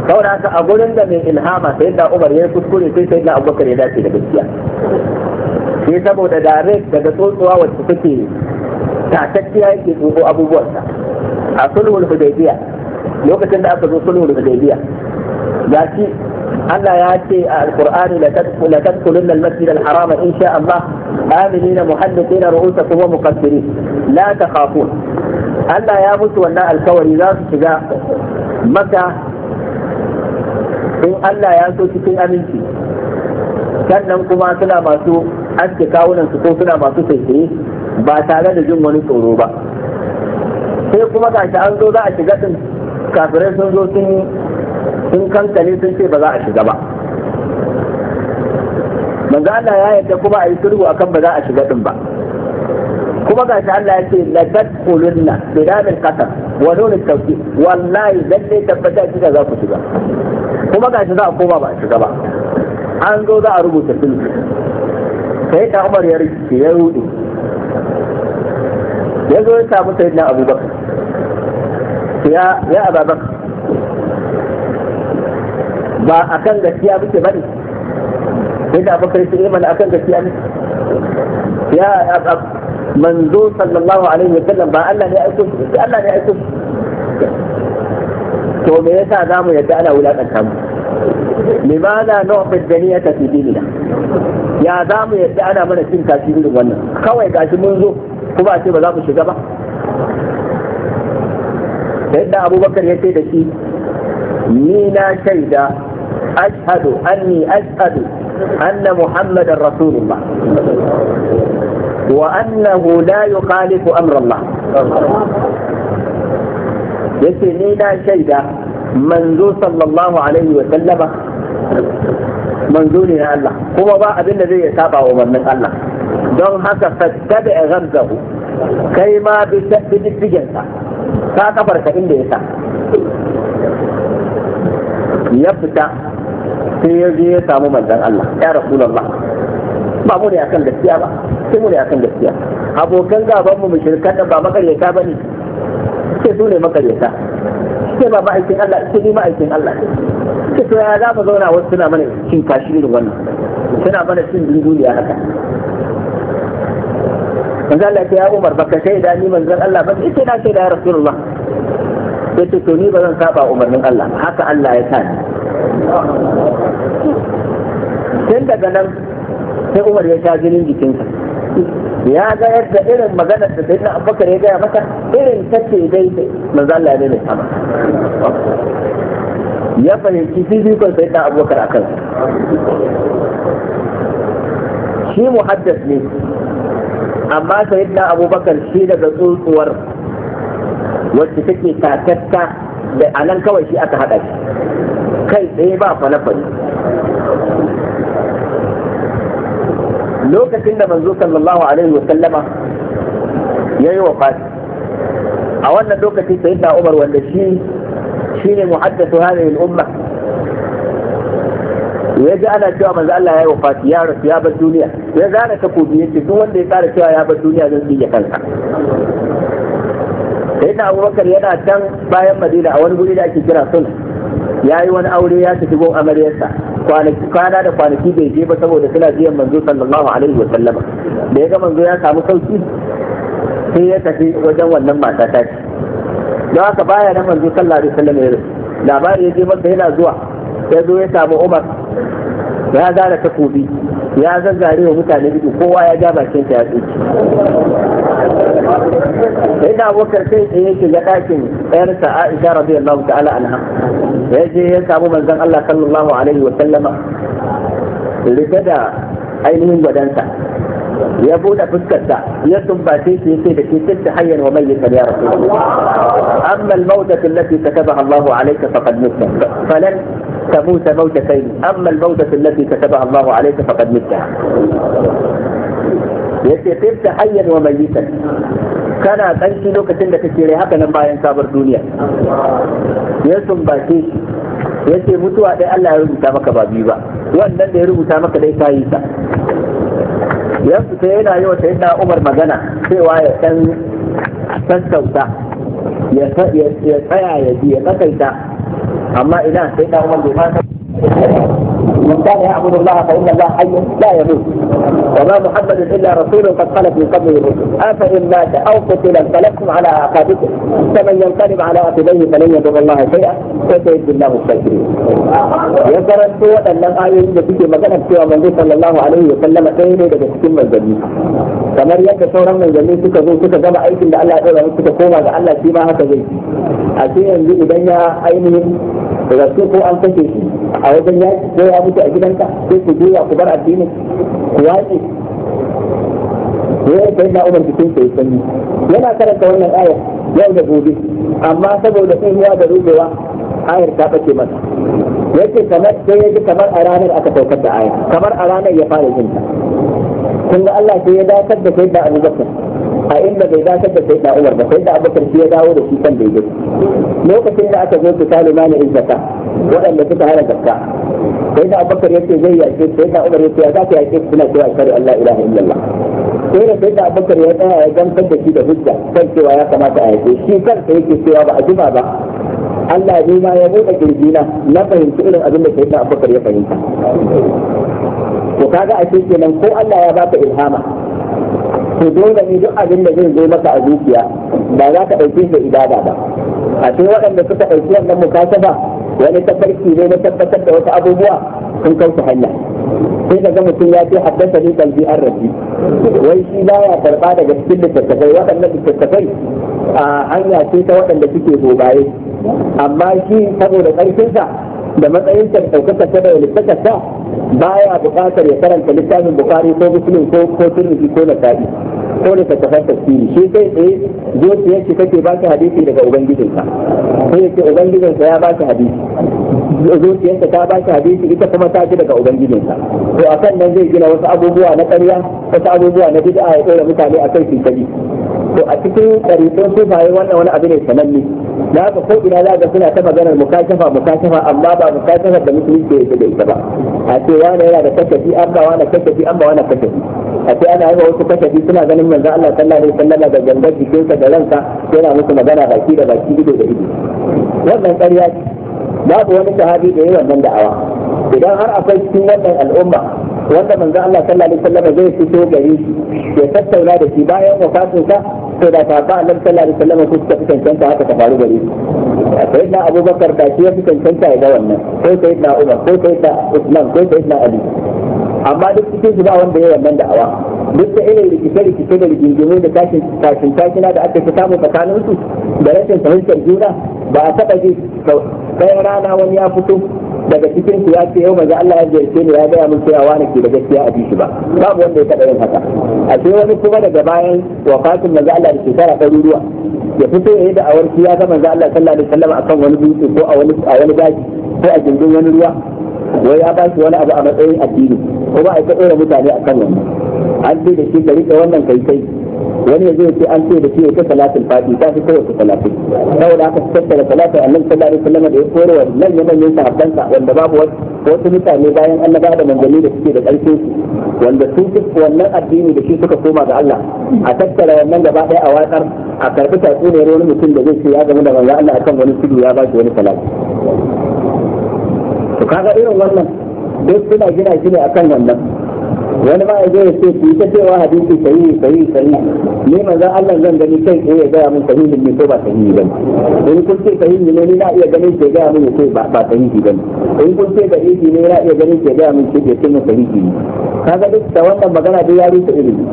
kawai haka a gurin da mai ilhama sai da umar ya kuskure sai sai da abubakar ya dace da gaskiya sai saboda da direct daga tsotsuwa wacce take tatacciya yake tsoho abubuwansa a sulhul hudaybiya lokacin da aka zo sulhu da hudaybiya gashi Allah ya ce a alqur'ani la tadkhulun al-masjid al-haram in sha Allah aminina muhaddithina ru'usakum wa muqaddirin la takhafun Allah ya musu wannan alkawari za su shiga maka in Allah ya so cikin aminci sannan kuma suna masu aske kawunan su ko suna masu saisaye ba tare da jin wani tsoro ba sai kuma gashi an zo za a shiga din kafirai sun zo sun kankane sun ce ba za a shiga ba manzo Allah ya yadda kuma a yi sulhu akan ba za a shiga din ba kuma shi Allah ya ce la tadkhulunna bilal qatar wa dun al-tawfiq wallahi lalle tabbata kika za ku shiga kuma shi za a koma ba a shiga ba an zo za a rubuta sulhu sai ta Umar ya rike ya rude ya zo ya samu sayyidina Abubakar ya ya ababan ba a kan gaskiya muke bane yadda abu kai su eh, mana a kan gaskiya ne ya manzo sallallahu alaihi wasallam ba Allah ne aiko shi Allah ne aiko shi to me yasa za mu yadda ana wulakanta mu limaza nu'fi daniyata fi dinina ya za mu yadda ana mana cin kashi irin wannan kawai gashi mun zo kuma a ce ba za mu shiga ba sai da abubakar ya ce da shi ni na shaida ashhadu anni ashhadu anna muhammadan rasulullah wa annahu la yukhalifu amra Allah yace ni na shaida manzo sallallahu alaihi wa sallama manzo ne na Allah kuma ba abin da zai ya saba wa wannan Allah don haka fattabi ghamzahu kai ma bi tabbidigensa Ka kafar ka inda ya sa ya fita sai ya je ya samu manzon Allah ya rasulullah ba mu ne akan gaskiya ba sai mu ne akan gaskiya abokan gaban mu mushrikan ba makaryata bane sai su ne makaryata sai ba ma'aikin Allah sai ni ma'aikin Allah sai to ya za mu zauna wasu suna mana cin kashi irin wannan suna mana cin duniya haka manzo Allah ya Umar baka shaida ni manzon Allah ba sai na shaida ya Rasulullah sai ce to ni ba zan saba umarnin Allah haka Allah ya sa ni tun daga nan sai Umar ya sha jinin jikinsa ya ga yadda irin maganar da sai Abubakar ya gaya masa irin ta ce dai manzo Allah ya ne sama ya fahimci fifikon sai Abubakar akan shi muhaddas ne amma sayyidina abubakar shi daga tsuntsuwar wacce take takatta da anan kawai shi aka haɗa shi kai tsaye ba falafali lokacin da manzo sallallahu alaihi wa sallama yayi wafat a wannan lokacin sayyidina umar wanda shi shine muhaddathu hadhihi al-umma ya ji ana cewa manzo Allah ya yi wafati ya rasu ya bar duniya ya zana takobi yace duk wanda ya tsara cewa ya bar duniya zan tsige kansa sai da Abubakar yana can bayan Madina a wani guri da ake kira Sun ya yi wani aure ya tafi gon amaryarsa kwana da kwanaki bai je ba saboda suna biyan manzo sallallahu alaihi wa sallama da ya ga manzo ya samu sauki sai ya tafi wajen wannan mata ta ce don haka baya na manzo sallallahu alaihi wa sallama ya labari ya je masa yana zuwa ya zo ya samu Umar ya zara takobi ya zangare wa mutane biyu kowa ya ja bakin ta ya tsoki sai da abokar kai tsaye yake ga ɗakin ɗayarsa aisha radiyallahu ta'ala anha ya je ya samu manzon Allah sallallahu alaihi wa sallama rike da ainihin gwadansa ya buɗe fuskarsa ya tumbace shi yake da ke tinta hayyan wa mai mayyitan ya rasulullah amma al-mawdatu allati katabaha Allahu alayka faqad mutta falan تموت موتتين أما الموتة التي كتبها الله عليك فقد متها yace tibta hayyan wa mayyitan kana kanki lokacin da kake rai haka nan bayan kabar duniya ya sumbace shi yace mutuwa dai Allah ya rubuta maka ba biyu ba wannan da ya rubuta maka dai kayi ta ya fita yana yi wa sayyidina Umar magana cewa ya dan sassauta ya tsaya ya ji ya tsakaita amma idan sai dan wanda ba من كان يعبد الله فان الله حي لا يموت وما محمد الا رسول قد خلت من قبله الرسل افان مات او قتل فلكم على اعقابكم فمن ينقلب على عقبيه فلن يضر الله شيئا وسيجزي الله الشاكرين. يذكر سوى ان لم اعلم آية ان في مكان سوى من صلى الله عليه وسلم سيد لك تتم الجميع. kamar yadda sauran mai zanne suka zo suka gama aikin da Allah ya dora suka koma ga Allah shi ma haka zai a yanzu idan ya ainihin daga cikin ko an kashe shi a wajen yaki ko ya mutu a gidanka sai ku juya ku bar addinin ku wace ya da na umar cikin sai sanyi yana karanta wannan ayar yau da gobe amma saboda tsohuwa da rubewa ayar ta bace masa yake kamar sai ya kamar a ranar aka saukar da ayar kamar a ranar ya fara jinta kun ga Allah sai ya dakar da kai da Abu Bakar a inda bai dakatar da sai umar ba sai da abubakar shi ya dawo da shi kan daidai lokacin da aka zo su kalu mana in zakka waɗanda suka hana zaka sai da abubakar ya ce zai yaƙe sai da umar ya ce za ka yaƙe suna cewa shari Allah ilaha illallah sai da sai da abubakar ya tsaya ya gamsar da shi da hujja kan cewa ya kamata a yaƙe shi kansa yake cewa ba a jima ba Allah ne ma ya buɗe kirjina na fahimci irin abin da sai da abubakar ya fahimta to kaga a kenan ko Allah ya baka ilhama ku dinga ni duk abin da zai zo maka a zuciya ba za ka ɗauki da ibada ba a cikin waɗanda suka ɗauki wannan mukasaba wani tafarki ne na tabbatar da wasu abubuwa sun kai su hanya sai ka ga mutum ya ce haddasa ni kalbi an rabi wai shi baya karɓa daga cikin littattafai waɗannan littattafai a hanya ce ta waɗanda suke gobaye amma shi saboda ƙarfinsa da matsayin sa daukaka ta da littaka ta baya bukatar ya karanta littafin bukari ko muslim ko ko turmiji ko nasa'i ko ne ta tafar tafsiri shi kai tsaye zuciyar shi kake ba ka hadisi daga ubangijinka ko yake ubangijinsa ya ba ka hadisi zuciyarsa ta ba ka hadisi ita kuma ta ji daga ubangijinsa to kan nan zai gina wasu abubuwa na ƙarya wasu abubuwa na bid'a ya tsora mutane akan shi kabi to a cikin sun sufaye wannan wani abu ne sananne da haka ko ina za ga suna ta maganar mukashafa mukashafa amma ba mukashafa da musulunci ya da ita ba a ce wani yana da kashafi amma wani kashafi amma wani kashafi a ce ana yawa wasu kashafi suna ganin manzo Allah sallallahu alaihi wasallam da gangar jikinsa da ranka yana musu magana baki da baki ido da ido wannan ƙarya ce babu wani sahabi da yi wannan da'awa idan har akwai cikin wannan al'umma wanda manzo Allah sallallahu alaihi wasallam zai fito gari ya tattauna da shi bayan sa to da ta ba Allah sallallahu alaihi wasallam su suka cancanta haka ta faru gari sai na Abubakar da shi ya fi cancanta ya ga wannan ko sai na Umar ko sai na Usman ko sai na Ali amma duk cikin su ba wanda ya wannan da'awa duk da irin rikice-rikice da rigingimu da tashin tashin tashina da aka fi samu tsakaninsu da rashin fahimtar juna ba a taɓa ji ɗaya rana wani ya fito daga cikin ku ya ce yau maza Allah ya ziyarce ni ya gaya min cewa wani ke da gaskiya a bishi ba babu wanda ya taɓa yin haka a ce wani kuma daga bayan wafatin maza Allah da shekara ɗaruruwa ya fito ya yi da awarki ya ga maza Allah sallallahu alaihi wasallam akan wani dutse ko a wani a wani daji ko a gindin wani ruwa wai ya ba shi wani abu a matsayin addini ko ba a ta ɗora mutane akan wannan an ce da shi ka riƙe wannan kai kai wani zai ce an ce da shi ta salatin fati ta fi kowace salati saboda aka tattara salatin annabi sallallahu alaihi wasallam da ya koro nan ya manyan sahabbansa wanda babu wasu mutane bayan annaba da manzanni da suke da ƙarfin su wanda su wannan addini da shi suka koma ga Allah a tattara wannan gaba ɗaya a watsar a karɓi tatsuniyar wani mutum da zai ce ya gamu da manzo Allah akan wani tudu ya ba shi wani salati to kaga irin wannan duk suna gina shi ne akan wannan wani ma yaje ya ce ku ta cewa hadisi sai sahihi sahihi ni za Allah zan gani kai ko ya gaya mun sahihi ne ko ba sahihi ba in kun ce sahihi ne ni na iya ganin ke gaya mun ce ba sahihi ba in kun ce sahihi ne na iya gani ke gaya mun ce ke cin sahihi ne kaga duk da wannan magana dai ya rusa ilimi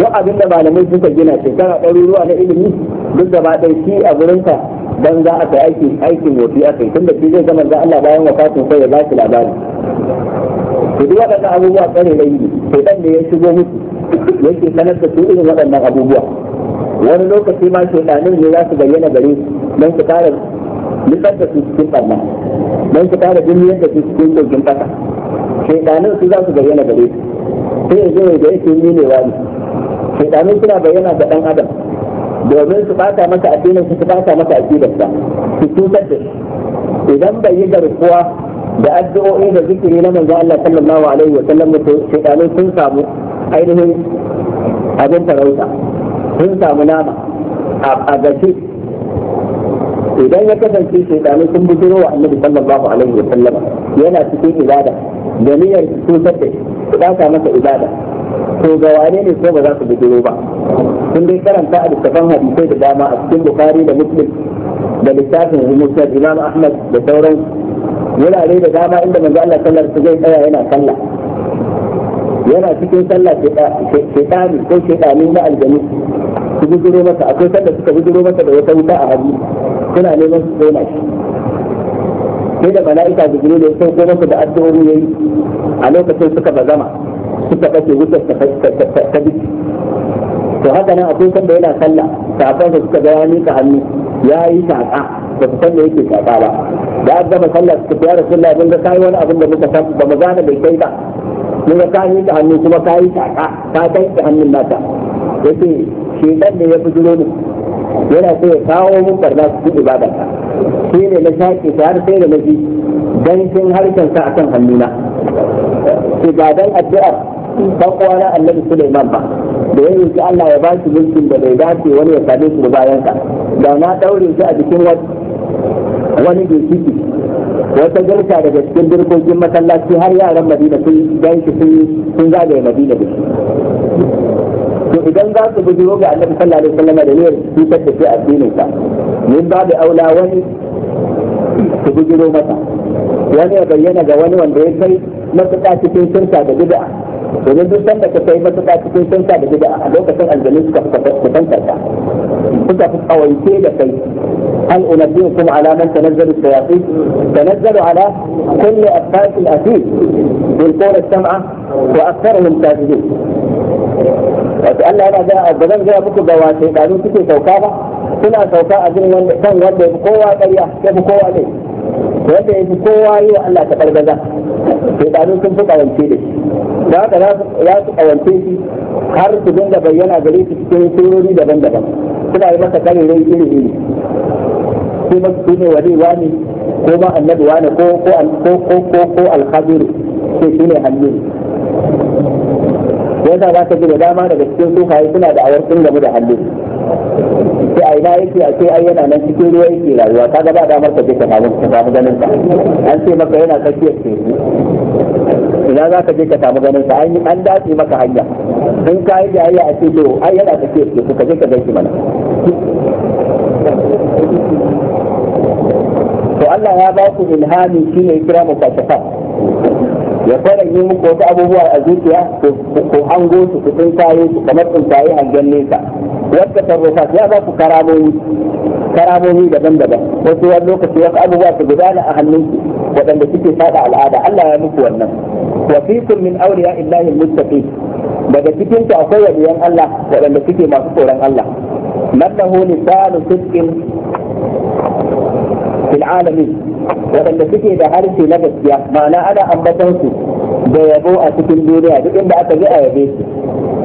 duk abin da malamai suka gina shekara ɗaruruwa na ilimi duk ba ɗaya shi a gurinka dan za a kai aikin aikin wofi a kai tunda shi zai zama za Allah bayan wafatin sai ya ba shi labari to duk waɗannan abubuwa tsare yi ne to dan ne ya shigo musu yake sanar da su irin waɗannan abubuwa wani lokaci ma shedanin ne za su bayyana gare don su ƙara nufar da su cikin ɓarna don su ƙara duniyar da su cikin kogin ƙasa shedanin su za su bayyana gare su sai yanzu da yake yi ne wani shedanin suna bayyana ga ɗan adam domin su ɓata masa addinin su su ɓata masa aƙidarsa su cutar da shi idan bai yi garkuwa da addu'o'i da zikiri na manzo Allah sallallahu alaihi wa sallam shaytanai sun samu ainihin abin farauta sun samu nama a gashi idan ya kasance shaitanu sun bujiro wa annabi sallallahu alaihi wa sallam yana cikin ibada da niyyar cutar da shi ba masa ibada to ga wane ne ko ba za su bujiro ba sun dai karanta a littafan hadisai da dama a cikin bukari da muslim da littafin musnad imam ahmad da sauran wurare da dama inda manzo Allah sallar su zai tsaya yana sallah yana cikin sallah shaitani ko shaitani na aljanu su bujuro masa akwai sanda suka bujuro masa da wata wuta a hannu suna neman su zauna shi sai da mala'ika jibril ya sauko masa da addu'o'i yayi a lokacin suka bazama suka kace wutar ta biki to haka nan akwai sanda yana sallah sahabban da suka ga ya miƙa hannu ya yi shaƙa ba su san yake shaƙa ba da an gama sallah suka fiya sallah mun ga kai wani abin da muka san ba mu gane bai kai ba mun ga kai da hannu kuma kai ta ka ta kai da hannun nata yace dan ne ya bujuro ni yana so ya kawo mun barna su ibada shi ne na shaki ta har sai da naji dan kin harkan sa akan hannuna ibadan addu'a kuwa na annabi Sulaiman ba da ya roki Allah ya ba shi mulkin da bai dace wani ya same shi bayan ka da na daure shi a cikin wani wani ciki wata garka daga cikin birkokin masallaci har yaran madina sun gan shi sun zagaye madina da shi to idan za su bujiro ga annabi sallallahu alaihi wasallam da niyyar cutar da shi addinin sa min babu aula wani su bujiro mata wani ya bayyana ga wani wanda ya kai matuƙa cikin shirka da bid'a domin duk sanda ka kai matuƙa cikin santa da gida a lokacin aljanu suka fuskantar ka suka fi kawaice da kai هل أنبئكم على من تنزل الشياطين؟ تنزل على كل أفاك أثيم بالقول السمعة وأكثرهم ساجدين. Allah yana ga bazan gaya muku ga wace ɗaru suke sauka ba suna sauka a jin kan wanda ya fi kowa ƙarya ya fi kowa ne wanda ya fi kowa yi wa Allah ta ɓargaza shaidanu sun fi kawance da shi da haka za su kawance shi har su dinga bayyana gare su cikin surori daban-daban suna yi masa rai iri-iri sai masu su ne wani wani ko ma annabi wani ko ko ko ko ko alhaziru sai shi ne hannu yasa za ka ji da dama daga cikin sufaye suna da awar sun gamu da hannu sai a ina yake a sai ai yana nan cikin ruwa yake rayuwa kaga ba damar ka je ka samu ka samu ganin sa an ce maka yana tsakiyar teku ina za ka je ka samu ganin sa an an dace maka hanya in ka yi jayayya a ce to ai yana tsakiyar teku ka je ka gaishe mana to Allah ya ba ku ilhami shine kira mu kashafa ya fara yi muku wasu abubuwa a zuciya ku hango su ku tsintaye su kamar tsintaye hangen nesa wata sarrafa ya ba ku karamomi karamomi daban-daban wasu wani lokaci wasu abubuwa su gudana a hannunku waɗanda suke sada al'ada Allah ya muku wannan wa fikum min aure illahi al-muttaqin daga cikin ta akwai wadiyan Allah waɗanda suke masu tsoron Allah man lahu lisanu sidqin fil alamin waɗanda suke da harshe na gaskiya ma'ana ana ambatansu da yabo a cikin duniya duk inda aka ji a yabe su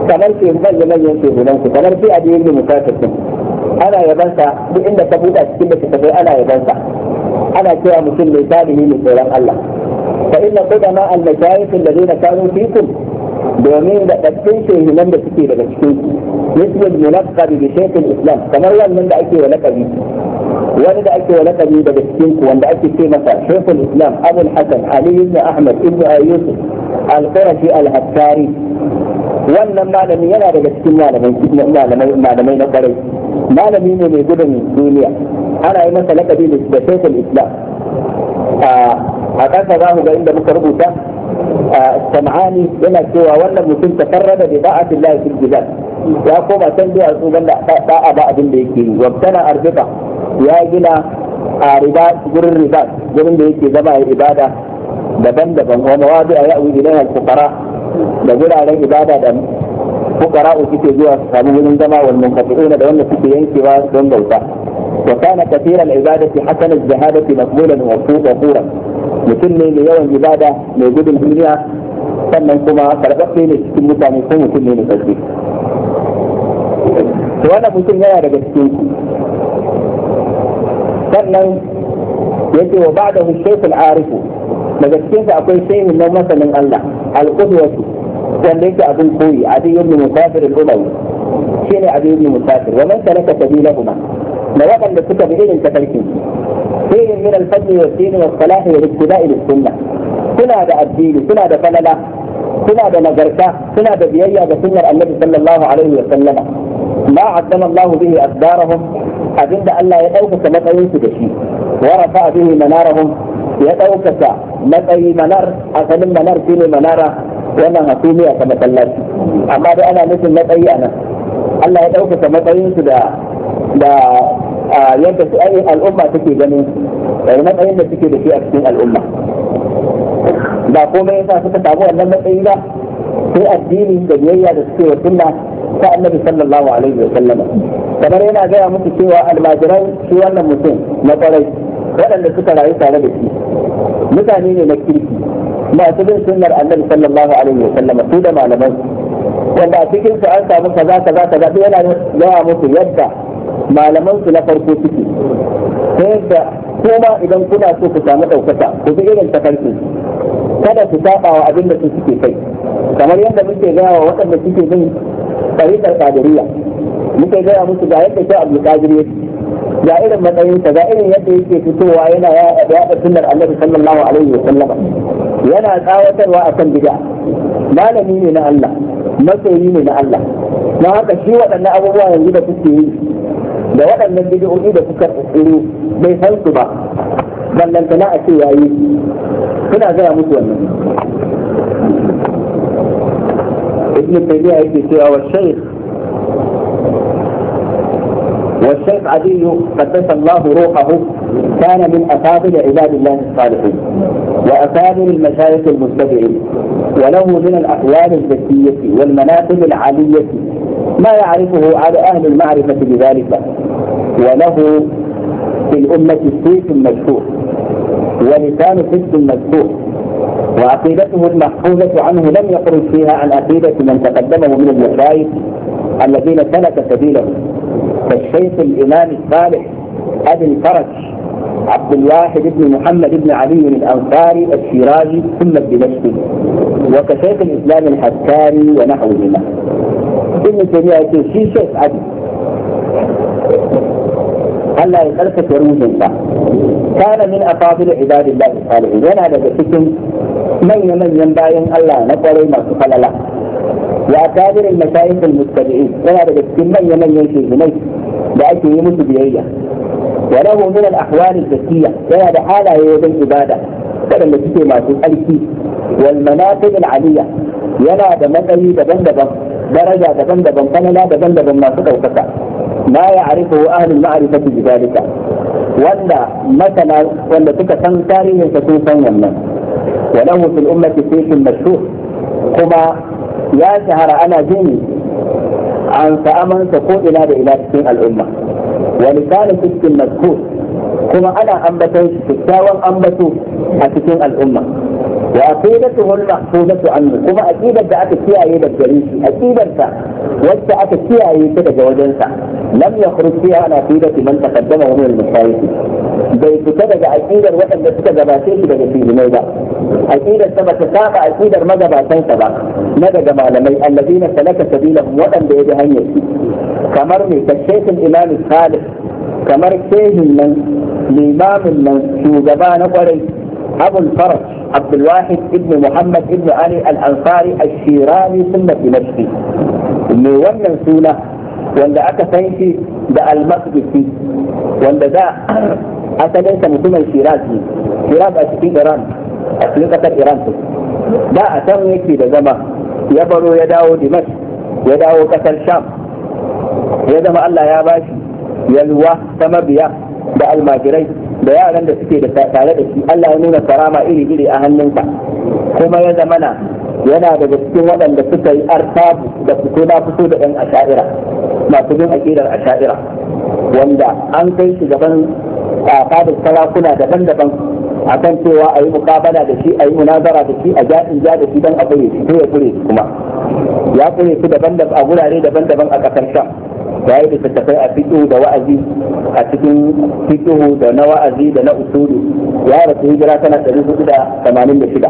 kamar ke manya manyan ke su kamar sai a ji yin mukatar su ana yabansa duk inda ta buɗa cikin da ka ana yabansa ana cewa mutum mai salihi mai tsoron Allah fa inna qudama al-mashayikh alladhina kanu fikum domin da ɗaɗɗin shehunan da suke daga cikin su yasmu mulaqabi bi shaykh al-islam kamar wannan da ake wa lakabi wani da ake wa daga cikin ku wanda ake ce masa Shaykhul Islam Abul Hasan Ali ibn Ahmad ibn Yusuf Al-Qurashi Al-Hattari wannan malami yana daga cikin malamai malamai na kwarai malami ne mai gudun duniya ana yi masa lakabi da Shaykhul Islam a ƙasa za mu ga inda muka rubuta sam'ani yana cewa wannan mutum tafarrada da da'atillahi fil jibal ya koma can duwatsu banda da'a ba abin da yake yi wabtana arzika ya gina a riba gurin riba gurin da yake zama ya ibada daban-daban wa mawadu a ya'u idan al fukara da guraren ibada da uku ke zuwa su samu wurin zama wal munqati'una da wanda suke yankewa don bauta وكان كثير العبادة حسن الزهادة wa وفورا mutum ne mai yawan ibada mai gudun duniya sannan kuma karɓaɓɓe ne cikin mutane ko mutum ne mai karfi to wannan mutum yana daga cikin ku sannan yake wa ba'da shaykhul arifu daga cikin sa akwai shehin nan masanin Allah al-qudwatu wanda yake abin koyi adi ibn musafir al-umawi shine adi ibn musafir wa man salaka sabilahuma da waɗanda suka bi irin tafarkin shehin min al-fadl wa sin wa salah wa ibtida'i lis-sunnah suna da addini suna da falala suna da nagarta suna da biyayya ga sunnar annabi sallallahu alaihi wa sallama ما عدم الله به أقدارهم أبدا ألا يدوك كما ينسدشي ورفع به منارهم يدوك متى منار أسلم منار فيني منارة wannan hasumiya ta masallaci amma dai ana nufin matsayi a nan Allah ya ɗaukaka matsayinsu da yadda su ayi al'umma take da matsayin da suke da shi a cikin al'umma ba komai yasa suka samu wannan matsayi ba sai addini da biyayya da suke wa sunna ta annabi sallallahu alaihi wa sallam kamar yana gaya muku cewa almajirai shi wannan mutum na kwarai waɗanda suka rayu tare da shi mutane ne na kirki masu bin sunnar annabi sallallahu alaihi wa sallam su da malaman wanda a cikin su an samu kaza kaza kaza duk yana gaya muku yadda malaman su na farko suke ta yadda kuma idan kuna so ku samu ɗaukaka ku bi irin tafarki. kada ku saba wa abin da su suke kai kamar yadda muke gaya wa waɗanda suke bin ɗariƙar ƙadiriya muka gaya musu ga yadda kyau abu ƙadir yake ga irin matsayinsa ga irin yadda yake fitowa yana yaɗa sunnar annabi sallallahu alaihi wa sallama yana tsawatarwa akan bid'a malami ne na Allah masoyi ne na Allah don haka shi waɗannan abubuwa yanzu da kuke yi da waɗannan bidiyoyi da kuka tsiro bai san su ba ballantana a ce yayi kuna gaya musu wannan ابن تيمية ابن فيها والشيخ والشيخ علي قدس الله روحه كان من أفاضل عباد الله الصالحين وأفاضل المشايخ المتبعين وله من الاحوال الزكية والمناقب العالية ما يعرفه على أهل المعرفة بذلك وله في الأمة السيف المشهور ولسان حزب مذكور وعقيدته المحفوظة عنه لم يخرج فيها عن عقيدة من تقدمه من المشايخ الذين سلك سبيله كالشيخ الإمام الصالح أبي الفرج عبد الواحد بن محمد بن علي الأنصاري الشيرازي ثم الدمشقي وكشيخ الإسلام الحكاني ونحوهما ابن تيمية في شيخ أبي يخلفك ورمز karkace كان من أفاضل عباد الله الصالحين وين هذا cikin manya-manyan bayan Allah na kwarai masu falala ya kabirin mashayikhul muttabi'in yana daga cikin manya-manyan shugumai da ake yi musu biyayya wa lahu min al-ahwal al-zakiyya yana da halaye wajen ibada waɗanda suke masu tsarki wal manaqib al-aliyya yana da matsayi daban-daban daraja daban-daban falala daban-daban masu ɗaukaka ma ya arifu ahlul ma'rifati bi wanda masana wanda suka san tarihin sa sun san wannan وله في الأمة سيف مشهور كما يا شهر أنا جيني عن فأمن تقول إلى إلى سين الأمة ولسان سيف مذكور كما أنا أنبتين كتاوا أنبتوا أتكين الأمة وعقيدته المحفوظة عنه كما أكيدا دعك كيا يدا الجريسي أكيدا وانت أكيا يدا جوجنسا لم يخرج فيها عن عقيدة من تقدمه من المشايخ. بل تتبع عقيدة الوحيد التي تتبع سيش بني في الميضة عقيدة سبا تتابع عقيدة ماذا بعثين تبع مدى جمع لمي الذين سلك سبيلهم وأن بيدهن يسي كمرني كالشيخ الإمام الخالق كمر شيخ من الإمام من شوزبان قري أبو الفرج عبد الواحد ابن محمد ابن علي الأنصاري الشيراني ثم نفسي. اللي ومن سونه wanda aka san shi da almasjidi wanda da asalin sa mutumin shiraz ne shiraz a cikin iran a cikin kasar iran da a can yake da zama ya baro ya dawo dimash ya dawo kasar sham ya zama allah ya bashi yalwa ta mabiya da almajirai da yaran da suke da tare da shi allah ya nuna karama iri iri a hannunka, kuma ya zamana yana daga cikin waɗanda suka yi artabu da fito na fito da 'yan asha'ira masu bin aƙidar sha'ira wanda an kai shi gaban fadin sarakuna daban-daban a kan cewa a yi mukabala da shi a yi munazara da shi a jaɗin ja da shi don a kure su ya kure su kuma ya kure su daban-daban a gurare daban-daban a ƙasar sham ya yi littattafai a fito da wa'azi a cikin fito da na wa'azi da na usuru ya rasu hijira tana ɗari hudu da tamanin da shida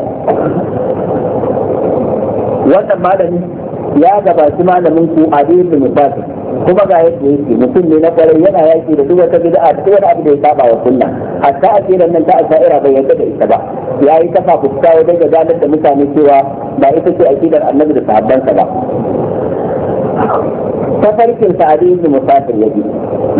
wannan malami ya gabaci malamin ku a ibn mubarak kuma ga yadda yake mutum ne na kwarai yana yaki da duka kaji da a duk wani abu da ya saba wa sunna hatta a akidan nan ta asaira bai yadda da ita ba yayi kafa fuska wajen da zalar da mutane cewa ba ita ce akidar annabi da sahabbansa ba tafarkin sa'adi ibn musafir yake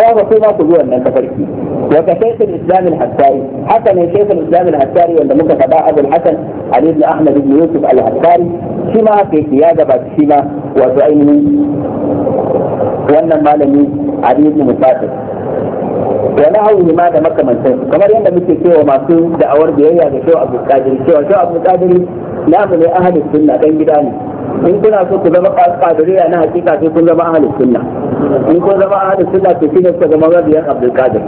ba ba kuma ku zuwa nan tafarki وكشيخ الاسلام الحساري حسن شيخ الاسلام الحساري ولا ممكن تبع ابو الحسن علي بن احمد بن يوسف الحساري شما في قياده بعد شما وتعين wannan malami Ali ibn Musaddad wa na'udhu ma da makamantan kamar yadda muke cewa masu da'awar biyayya da Shehu Abu Qadir cewa Shehu Abdul Qadir namu ne ahlus sunna dan gida ne in kuna so ku zama qadiriya na hakika sai kun zama ahlus sunna in kun zama ahlus sunna to shine ku zama rabiyan Abdul Qadir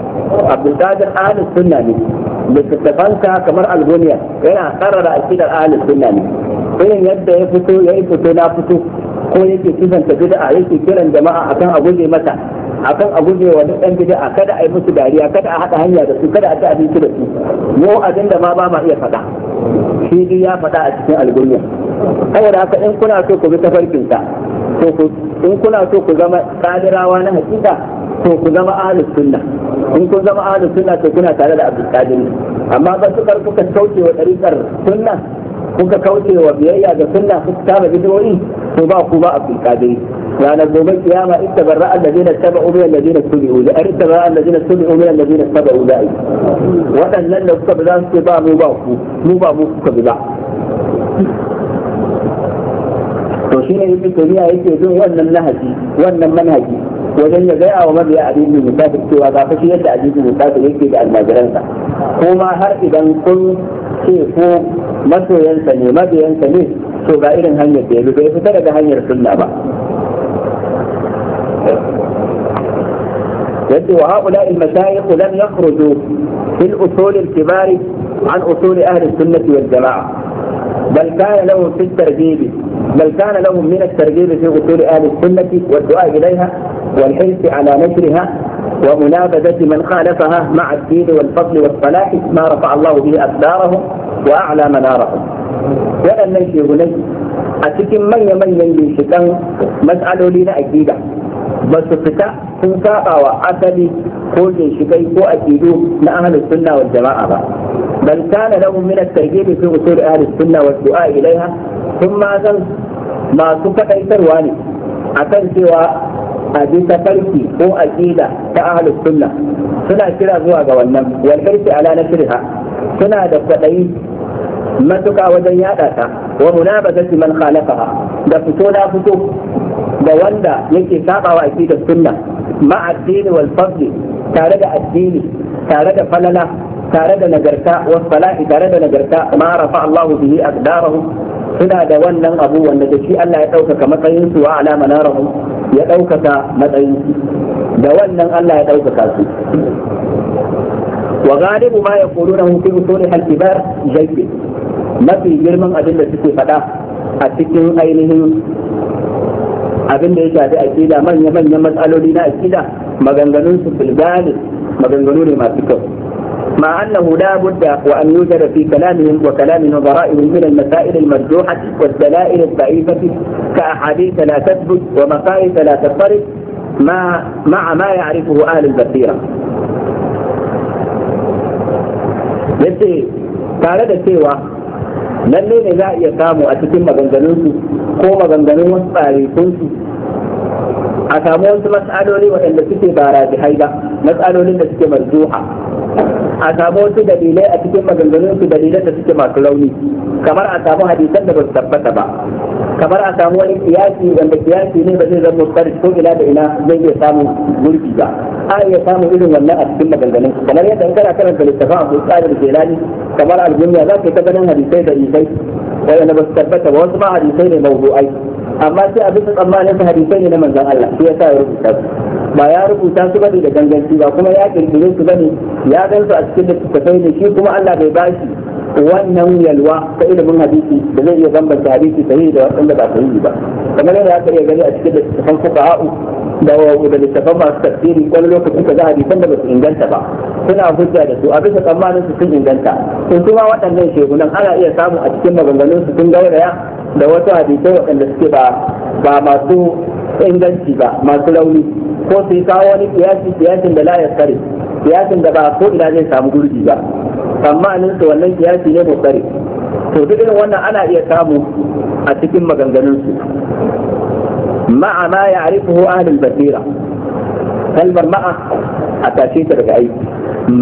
Abdul Qadir ahlus sunna ne littattafansa kamar albuniya yana karara akidar ahlus sunna ne irin yadda ya fito ya fito na fito ko yake kizanta bid'a yake kiran jama'a akan a guje mata akan a guje wa duk dan bid'a kada a yi musu dariya kada a hada hanya da su kada a ci abinci da su mu abin da ma ba ma iya faɗa shi dai ya faɗa a cikin algunya da haka in kuna so ku bi tafarkin ta to ku in kuna so ku zama kadirawa na hakika to ku zama ahlus sunna in ku zama ahlus sunna to kuna tare da abdul qadir amma ba su kuka kauce wa dariƙar sunna kuka kauce wa biyayya ga sunna ku kama bidiyoyi to ba ku ba abdul qadir ranar gobe kiyama in tabarra alladheena tabu min alladheena tabu da in tabarra alladheena tabu min alladheena tabu da wadannan da kuka bi su ba mu ba ku mu ba mu kuka bi ba to shine ibnu taymiya yake don wannan lahaji wannan manhaji wajen ya gaya wa mabiya abin musafir cewa ga fashi yadda abin musafir yake da almajiransa kuma har idan kun ce ko masoyansa ne mabiyansa ne to ga irin hanyar da ya bai fita daga hanyar sunna ba yadda wa haƙula يدي وهؤلاء المشايخ لم يخرجوا في الأصول الكبار عن أصول أهل السنة والجماعة بل كان لهم في الترغيب بل كان لهم من الترغيب في أصول أهل السنة والدعاء إليها والحرص على نشرها ومنابذة من خالفها مع الدين والفضل والصلاح ما رفع الله به أقدارهم وأعلى منارهم وأن شيء هناك أتكم من يمن ينجي شكاً مسألة لنا أكيدة بس فتاة كن كاقا وأسلي كل شكاً كو أكيدو أهل السنة والجماعة بل كان لهم من الترجيب في وصول أهل السنة والدعاء إليها ثم أزل ما سفق إسرواني أكل و a Tafarki ko aqida ta ahlus sunna suna kira zuwa ga wannan wal hirsi ala nasriha suna da kwadayi matuka wajen yada ta wa munabazati man khalaqaha da fito na fito da wanda yake saba wa aqidar sunna ma addini wal fadli tare da addini tare da falala tare da nagarta wa salahi tare da nagarta ma rafa Allah bihi aqdarahum suna da wannan abu wanda da shi Allah ya ɗaukaka matsayin su wa ala manarahum ya ɗaukaka matsayin da wannan Allah ya ɗaukaka su wa galibu ma ya koro na hukun sole halkibar mafi girman abin da suke faɗa a cikin ainihin abin da ya shafi akida manya-manyan matsaloli na akida maganganun su filgani maganganu ne masu kyau مع أنه لا بد وأن يوجد في كلامهم وكلام نظرائهم من المسائل المرجوحة والدلائل الضعيفة كأحاديث لا تثبت ومقاييس لا تضطرب مع مع ما يعرفه أهل البصيرة. yace tare da cewa lalle ne za a iya samu a cikin maganganunsu ko maganganun wasu tsarikunsu a samu wasu matsaloli waɗanda suke ba rajihai ba matsalolin da suke marzuha a samu wasu dalilai a cikin maganganun su dalilai da suke masu launi kamar a samu hadisan da ba su tabbata ba kamar a samu wani kiyasi wanda kiyasi ne ba zai zama mutar ko ila da ina zai iya samu gurbi ba a iya samu irin wannan a cikin maganganun kamar yadda kana karanta littafin abu tsarin jelani kamar aljumiya za ka ta ganin hadisai da isai wanda ba su tabbata ba wasu ma hadisai ne mawdu'ai amma sai a bisa tsammanin su hadisai ne na manzon Allah sai ya sa ya rubuta su ba ya rubuta su bane da ganganci ba kuma ya kirkire su bane ya gan su a cikin da sai ne shi kuma Allah bai ba bashi wannan yalwa ta ilimin hadisi da zai iya bambanta hadisi sahihi da wanda ba sahihi ba kamar yadda aka iya gani a cikin da kuka a'u da da littattafan masu tafsiri wani lokaci ka a hadisan da ba su inganta ba suna hujja da su a bisa tsammanin su sun inganta sun kuma waɗannan shegunan ana iya samu a cikin maganganun su sun gauraya da wasu hadisai waɗanda suke ba ba masu inganci ba masu rauni ko su kawo wani kiyasi kiyasin da la ya kare kiyasin da ba ko ina zai samu gurbi ba amma nan su wannan kiyasi ne ko kare to duk irin wannan ana iya samu a cikin maganganun su ma'a ma ya'rifuhu ahlul basira kalmar ma'a a tashe ta daga aiki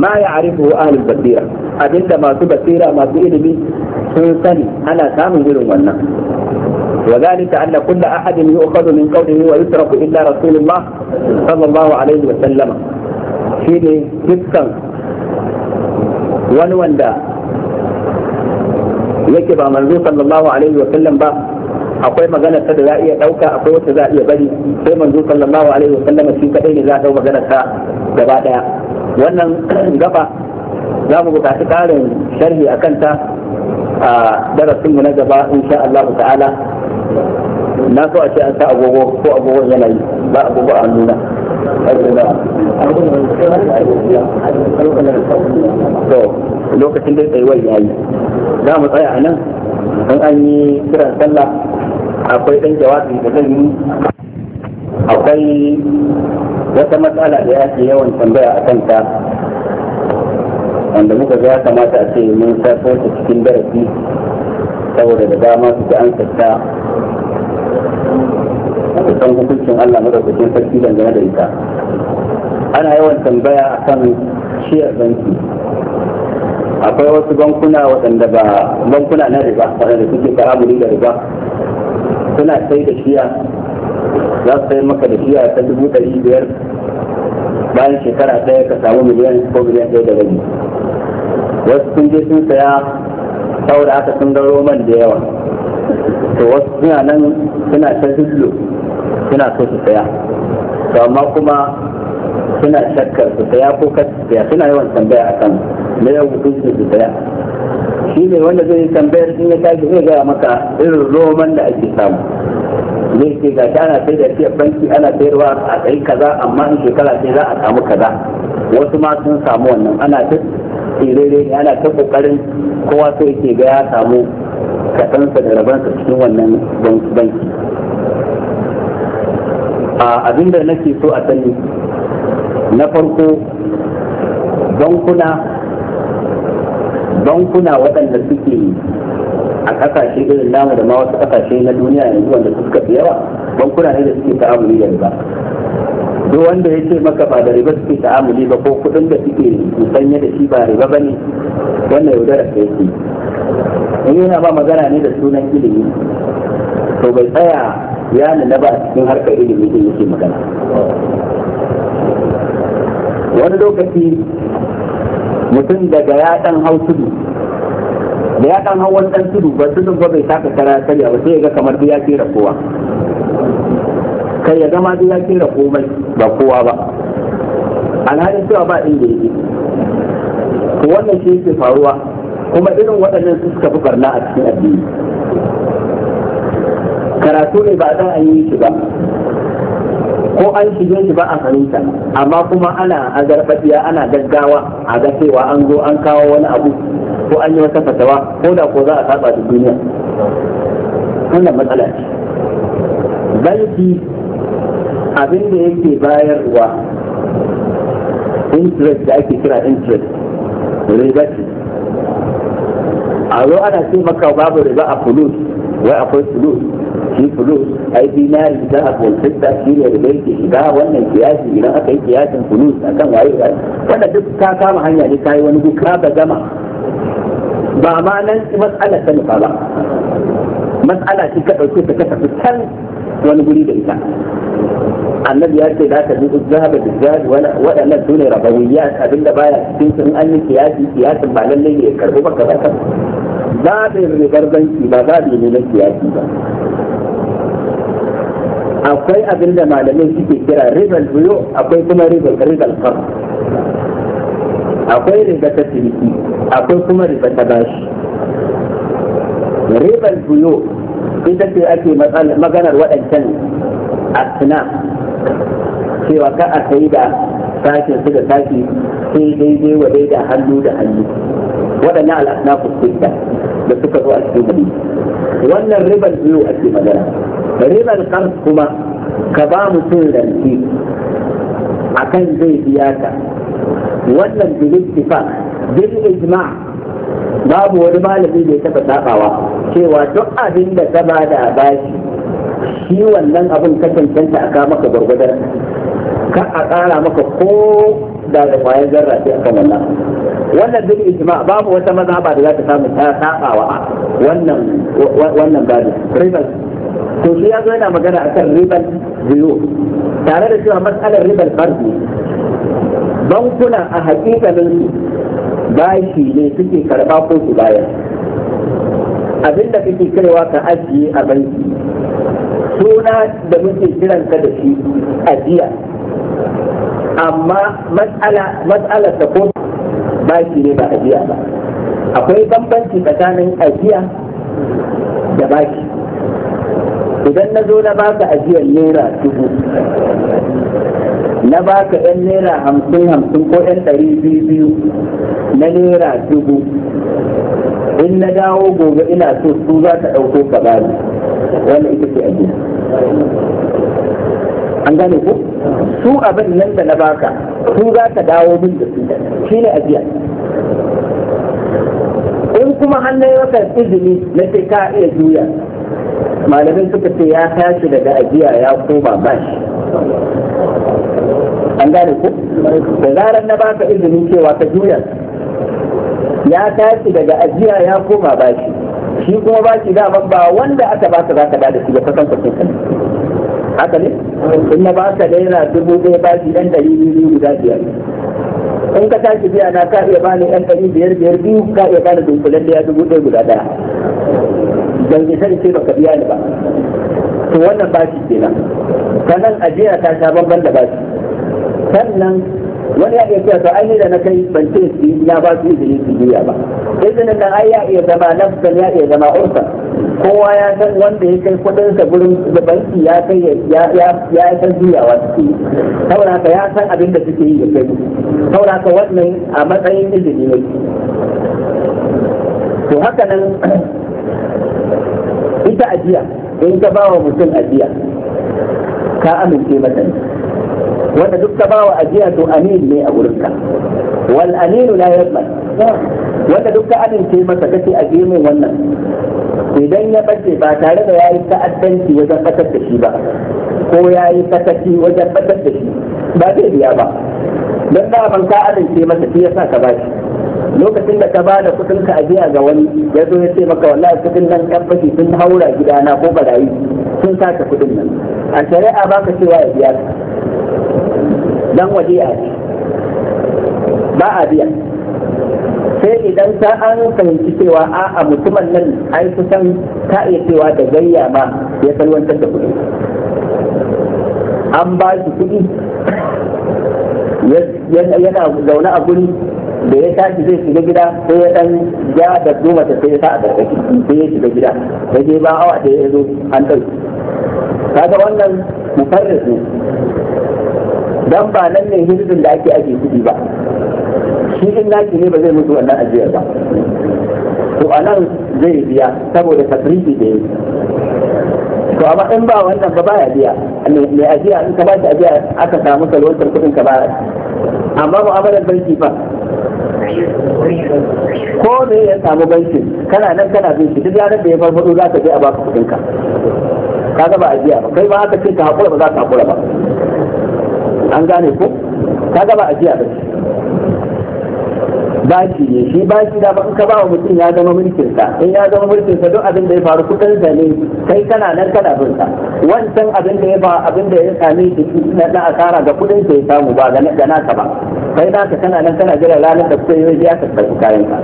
ma ya ya'rifuhu ahlul basira abinda masu basira masu ilimi sun sani ana samun irin wannan وذلك أن كل أحد يؤخذ من قوله ويترك إلا رسول الله صلى الله عليه وسلم شيني جدا ونوان دا yake ba manzo sallallahu alaihi wa sallam ba akwai magana ta da za iya dauka akwai wacce za iya bari sai manzo sallallahu alaihi wa sallam shi kadai ne za ta magana ta gaba daya wannan gaba za mu buƙaci ƙarin sharhi akan ta a darasinmu na gaba insha Allah ta'ala na so a ce an sa agogo ko agogon yana yi ba agogo a nuna to lokacin da an yi kiran sallah akwai akwai wata matsala da ya yawan tambaya a kanta muka ga kamata a ce mun sarfo cikin darasi saboda da dama su an sassa da san hukuncin Allah madaukakin sarki dangane da ita ana yawan tambaya akan shiyar banki akwai wasu bankuna waɗanda ba bankuna na riba waɗanda suke ta'amuli da riba suna sai da shiya za su sai maka da shiya ta dubu ɗari biyar bayan shekara ɗaya ka samu miliyan ko miliyan ɗaya da rabi wasu sun je sun saya saboda aka sun ga roman da yawa to wasu suna nan suna ta zullo suna so su saya to amma kuma suna shakkar su saya ko kar su suna yawan tambaya kan me ya hukunci su saya shi ne wanda zai yi tambayar in ya tashi zai gaya maka irin roman da ake samu zai ce ga ana sai da fiye banki ana sayarwa a tsayi kaza amma in shekara sai za a samu kaza wasu ma sun samu wannan ana ta tsirere ne ana ta kokarin kowa so ke ga ya samu kaɗansa da rabansa cikin wannan banki a abinda nake so a sani na farko bankuna bankuna waɗanda suke a ƙasashe irin namu da ma wasu ƙasashe na duniya yanzu wanda suka fi yawa bankuna ne da suke ta'amuli da riba duk wanda ya ce maka ba da riba suke ta'amuli ba ko kuɗin da suke musanya da shi ba riba ba ne wannan yaudara ta yake yi yana ba magana ne da sunan ilimi to bai tsaya ya nuna ba a cikin harkar ilimi din yake magana wani lokaci mutum daga ya dan hau tudu da ya dan hau wani ɗan tudu ba tudun ba bai taka kara karya ba sai ya ga kamar duk ya kera kowa kai ya gama duk ya kera komai ba kowa ba alhalin cewa ba inda yake wannan shi yake faruwa kuma irin waɗannan su suka fi barna a cikin addini karatu ne ba za a yi shi ba ko an shige shi ba a fahimta amma kuma ana a azarfaɗiya ana gaggawa a ga cewa an zo an kawo wani abu ko an yi wata fatawa ko da ko za a saba da duniya wannan matsala ce balki abin da yake bayarwa interest da ake kira interest riba a zo ana ce maka babu riba a fulus wai akwai fulus shi fulus ai dinari da a fulfista shi ne riba yake shiga wannan kiyasi idan aka yi kiyasin fulus akan waye ba wanda duk ka kama hanya ne ka yi wani duk ka gama ba ma nan matsala ta nufa ba Matsala ce ka ɗauke ta ka tafi can wani guri da ita annabi ya ce za ta bi zahaba da zahabi waɗannan su ne rabawiyya abinda baya cikin sun an yi kiyasi kiyasin ba lallai ne ya karɓi ba ka ba babin rigar banki ba babi ne na siyasi ba akwai abin da malamai suke kira rigal biyo akwai kuma rigar rigal akwai rigar ta ciniki akwai kuma rigar ta bashi rigal biyo ita ce ake maganar waɗancan asna cewa ka a sai da sashen su da sashi sai daidai wa da hannu da hannu waɗannan al'asna fuskanta da suka zo a cikin hadisi wannan ribar biyu cikin magana ribar kan kuma ka ba mutum a akan zai biya ka wannan bilin tifa bil ijma babu wani malami da ya taɓa sabawa cewa duk abin da ka ba da bashi shi wannan abin ka a ka maka gwargwadar ka a ƙara maka ko da da kwayar zarra a akan wannan wannan bil ijma babu wata mazhaba da za ta samu ta sabawa wannan wannan gado ribal to shi yazo yana magana akan ribal biyu tare da cewa matsalar ribal fardi bankuna a hakikalin bashi ne suke karba ko su bayar abinda kake kirewa ka ajiye a banki suna da muke ka da shi ajiya amma ta ko baki ne ba ajiya ba akwai bambanci tsakanin ajiya da baki idan na zo na baka ajiyar naira dubu na baka yan naira hamsin hamsin ko yan ɗari biyu biyu na naira dubu in na dawo gobe ina so su za ta ɗauko ka bani wannan ita ce ajiya an gane ko su abin nan da na baka su za ta dawo min da su ne ajiya in kuma hannun kan izini na ce ka iya juya malamin suka ce ya tashi daga ajiya ya koma bashi an gane ku da zarar na baka izini cewa ka juya ya tashi daga ajiya ya koma bashi shi kuma bashi da ba wanda aka baka za ka da shi ba kasan kwakin kan haka ne in na baka daina dubu ɗaya bashi ɗan ɗari biyu guda biyar in ka tashi biya na ka iya bani yan ɗari biyar biyar biyu ka iya bani dunkulen da ya dubu ɗaya guda ɗaya ban isa sani ce baka biya ni ba to wannan bashi kenan sannan ajiya ta sha bamban da bashi sannan wani ya iya cewa to ai da na kai ban ce na ba su izini su biya ba izinin nan ai ya iya zama nafsan ya iya zama ursan kowa ya san wanda ya kai kudin sa gurin da banki ya kai ya ya ya san juyawa ciki saboda haka ya san abin da suke yi da kai saboda haka wannan a matsayin izini ne to haka nan ita ajiya in ka ba wa mutum ajiya ka amince mata wanda duk ka ba wa ajiya to amin ne a ka, wal aminu la yadman wanda duk ka amince masa kace a gemun wannan idan ya bace ba tare da yayi ta'addanci wajen fatar da shi ba ko yayi sakaci wajen fatar da shi ba zai biya ba dan da ban ka amince masa shi yasa ka bashi lokacin da ka ba da kudin ka biya ga wani ya zo ya ce maka wallahi kudin nan kan fashi sun haura gidana ko barayi sun saka kudin nan a shari'a ba ka cewa ya biya ka dan waje a ba a biya sai idan ta an fahimci cewa a a mutumin nan ai kusan ta iya cewa da gayya ba ya salwantar da kuɗi an ba shi kuɗi yana zaune a guri da ya tashi zai shiga gida sai ya dan ja da goma ta sai ya sa a karkashi sai ya shiga gida da je ba awa da ya zo an ɗauki kaga wannan mufarris ne dan ba nan ne hirzin da ake ake kuɗi ba shi in naki ne ba zai mutu wannan ajiyar ba to a nan zai biya saboda tafriki da yi to amma in ba wannan ba baya biya mai ajiya in ka ba shi ajiya aka samu salwantar kudin ka ba amma mu'amalar banki fa ko ne ya samu banki kana nan kana bin shi duk ranar da ya farfado za ka je a baka kudin ka ka ga ba ajiya ba kai ma aka ce ka hakura ba za ka hakura ba an gane ko ka ga ba ajiya ba baki ne shi baki da ba ka ba wa mutum ya zama mulkin sa in ya zama mulkin sa duk abin da ya faru kudin da ne kai kana nan kana bin sa wancan abin da ya ba abin da ya same shi na da asara ga kudin sa ya samu ba ga naka ba kai ka kana nan kana jira ranar da kudin ya ka kayan ka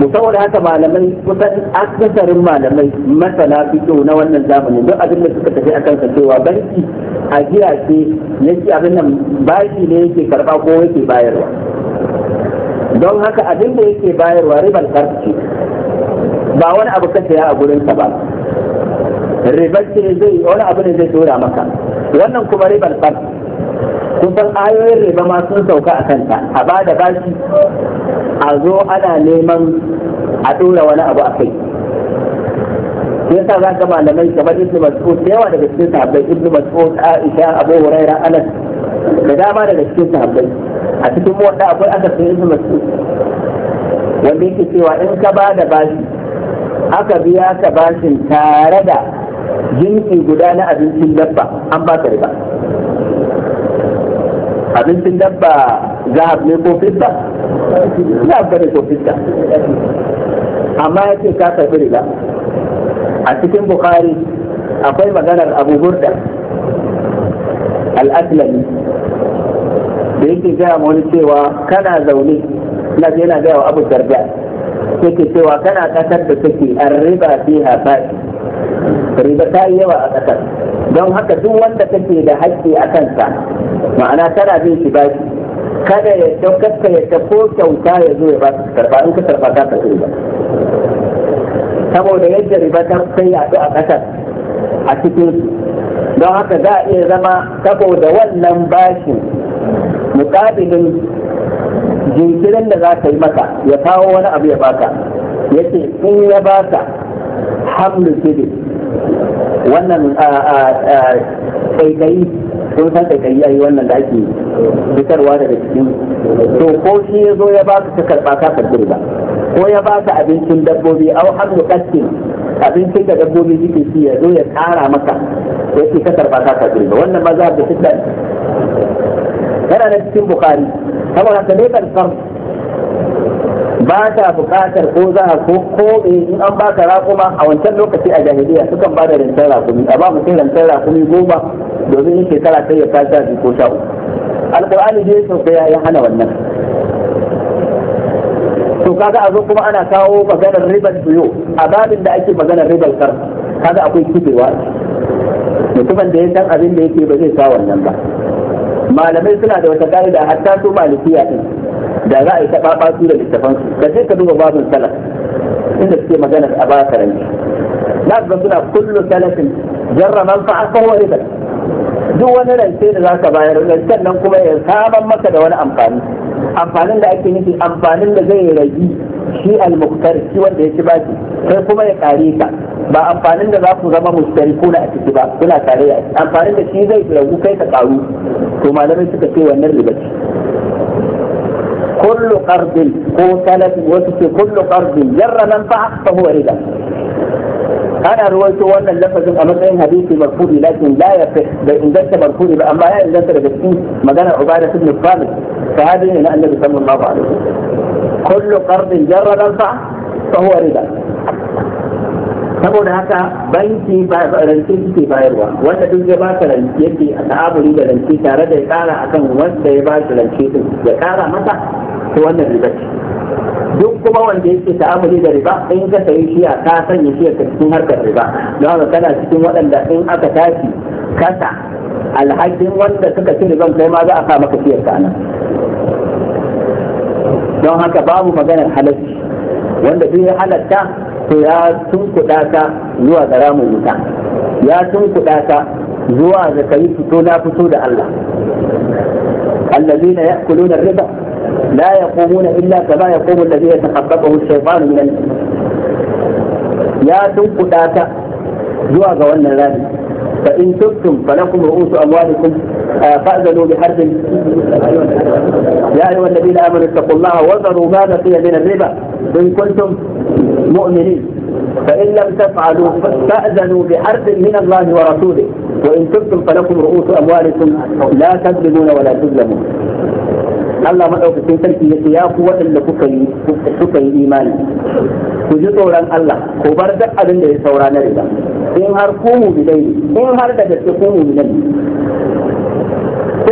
to saboda haka malamai kusan akasarin malamai masana fito na wannan zamanin duk abin da suka tafi akan sa cewa banki ajiya ce na ci abin nan bashi ne yake karba ko yake bayarwa don haka abin da yake bayarwa ribar karfi ba wani abu ka ya a gurinsa ba ribar ce zai wani abu ne zai tura maka wannan kuma ribar karfi kun ayoyin riba ma sun sauka a kanta a ba da bashi a zo ana neman a dora wani abu a kai sa za ga malamai kamar ibnu mas'ud da yawa daga cikin sahabbai ibnu mas'ud aisha abu huraira anas da dama daga cikin sahabbai a cikin wanda akwai akasin ibnu mas'ud wanda yake cewa in ka ba da bashi aka biya ka bashin tare da jinsi guda na abincin dabba an ba ka riba abincin dabba zahab ne ko fitta zahab ne ko fitta amma yake ka karbi riba a cikin bukhari akwai maganar abu burda al da yake gaya ma wani cewa kana zaune na yana gaya wa abu darda yake cewa kana kasar da take an riba fi hafafi riba ta yi yawa a kasar don haka duk wanda take da haƙƙi a kansa ma'ana tana bin shi basi. kada ya daukar ka ya ko kyauta ya zo ya ba su karɓa in ka karɓa ka ba saboda yadda riba ta sai yaɗu a ƙasar a cikin don haka za a iya zama saboda wannan bashin mukabilin jinkirin da za ka yi maka ya kawo wani abu ya baka yake in ya baka hamlu kidi wannan kaikayi sun san a yi wannan da ake fitarwa daga cikin to ko shi ya zo ya baka ka karɓa ka karɓi ba ko ya ba ka abincin dabbobi au har mukassin abincin da dabbobi suke ci ya zo ya kara maka ya ce ka karba ka wannan maza da shi dan yana da cikin bukari saboda ka dai ba ta bukatar ko za a ko ko in an baka raƙuma a wancan lokaci a jahiliya sukan ba da rantar raƙumi a ba mutum rantar raƙumi goma domin yin shekara sai ya kasa ko sha uku alƙur'ani dai sau ya hana wannan to kaga a zo kuma ana kawo maganar ribar biyo a babin da ake maganar ribar kar kaga akwai kibewa mutumin da ya san abin da yake ba zai sa wannan ba malamai suna da wata ka'ida hatta su malikiya din da za a yi taɓaɓa su da littafan su ka ka duba babin salaf inda suke maganar a ba ga suna kullu salafin jarra manfa'a ko ribar. duk wani rance da za ka bayar rancen nan kuma ya saman maka da wani amfani amfanin da ake nufi amfanin da zai ragi shi al-muktar shi wanda ya ci baki sai kuma ya kare ka ba amfanin da za ku zama mustarikuna a ciki ba kuna kare ya amfanin da shi zai ragu kai ka karu to malamai suka ce wannan riba ce kullu qardin ko talabi wasu ce kullu qardin yarra nan fa huwa riba ana ruwaito wannan lafazin a matsayin hadisi marfu'i lakin la fi bai inganta marfu'i ba amma ya inganta daga cikin magana ubada ibn Samit sahabi ne na annabi sallallahu alaihi wasallam kullu qardin jarra fa fa huwa riba saboda haka banki ba rance suke bayarwa wanda duk ya baka rance yake a ta'amuli da rance tare da ya kara akan wanda ya ba shi rance din ya kara masa to wannan riba ce duk kuma wanda yake ta'amuli da riba in ka sayi shi ka sanya shi a cikin harkar riba don haka kana cikin waɗanda in aka tashi kasa alhakin wanda suka ci riban kai ma za a sa maka shi a nan don haka babu maganar halarci wanda duk ya halatta to ya sun ta zuwa ga ramin wuta ya sun ta zuwa ga kai fito na fito da Allah allazina ya'kuluna riba la yaqumuna illa kama yaqumu allazi yataqabbahu ash-shaytanu min ya sun ta zuwa ga wannan rami فإن تبتم فلكم رؤوس أموالكم آه، فأذنوا بحرب يا أيها الذين آمنوا اتقوا الله وذروا ما بقي من الربا إن كنتم مؤمنين فإن لم تفعلوا فأذنوا بحرب من الله ورسوله وإن تبتم فلكم رؤوس أموالكم لا تظلمون ولا تظلمون Allah madaukakin sarki ya ku waɗanda kuka yi kuka yi imani ku ji tsoron Allah ku bar duk abin da ya saura na riba in har ku mu bidai in har da gaske ku mu bidai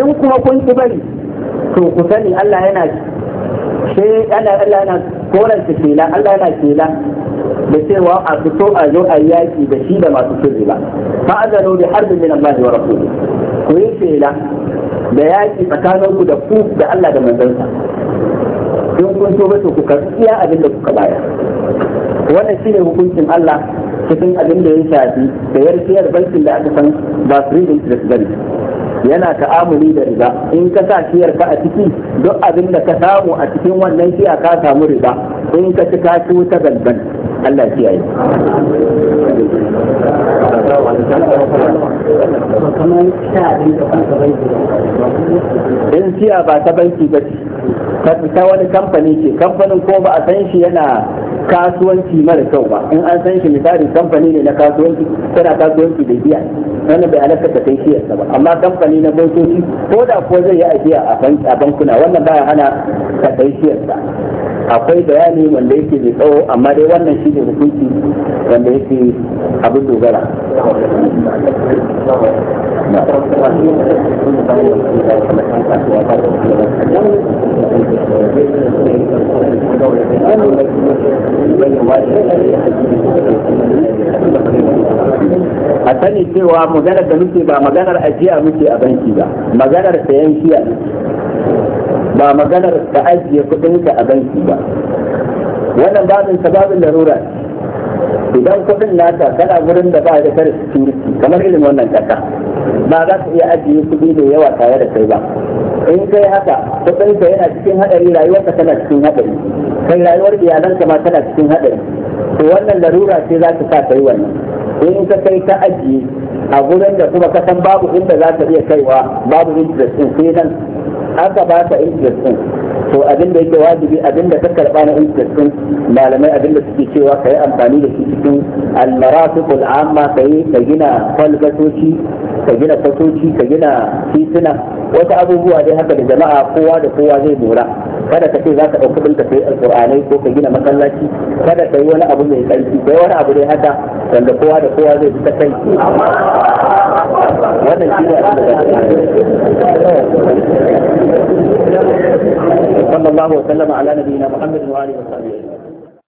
in kuma kun ki bari to ku sani Allah yana she Allah yana kela Allah yana da cewa a fito a zo a yaki da shi da masu cin riba fa'azanu bi harbin min Allah wa ku yi da yaƙi tsakaninku da ku da Allah da manzansa in kun so to ku karɓi iya abin da kuka baya. wannan shine hukuncin Allah cikin abin da ya shafi da yarfiyar bankin da aka san ba da interest bane yana ta'amuli da riga in ka sa siyar ka a ciki duk abin da ka samu a cikin wannan siya ka samu riba in ka ci ka ci wuta galban Allah ya kiyaye in siya ba ta banki ba ce ta wani kamfani ce kamfanin ko ba a san shi yana kasuwanci mara kyau ba in an san shi misali kamfani ne na kasuwanci tana kasuwanci da biya wani bai halatta ta kai shiyarsa ba amma kamfani na bankoci ko da ko zai yi ajiya a bankuna wannan baya hana ta kai shiyarsa akwai bayani wanda yake da tsawo amma dai wannan shi ne hukunci wanda yake abin dogara a sani cewa maganar da muke ba maganar ajiya muke a banki ba maganar sayan shiya ba maganar da ajiye kudinka a banki ba wannan babin sababin larura idan kudin nata kana gurin da ba da kare security kamar irin wannan kasa ba za ka iya ajiye kuɗi da yawa tare da kai ba in kai haka kuɗin ka yana cikin haɗari ka tana cikin haɗari kai rayuwar ka ma tana cikin haɗari to wannan larura ce za ta sa ka wannan in ka kai ka ajiye a gurin da kuma kasan babu inda za ka iya kaiwa babu interest in sai nan aka ba ka interest in to abin da yake wajibi abin da ka karba na intanet malamai abin da suke cewa ka yi amfani da shi cikin al-maratiqul ka yi ka gina falgatoci ka gina fasoci ka gina tituna wasu abubuwa dai haka da jama'a kowa da kowa zai mora kada ka ce za ka ɗauki ɗinka sai alƙur'anai ko ka gina masallaci kada ka yi wani abu mai ƙarfi kai wani abu dai haka wanda kowa da kowa zai fi ta kai wannan shi ne abin da ka صلى الله وسلم على نبينا محمد وآله وصحبه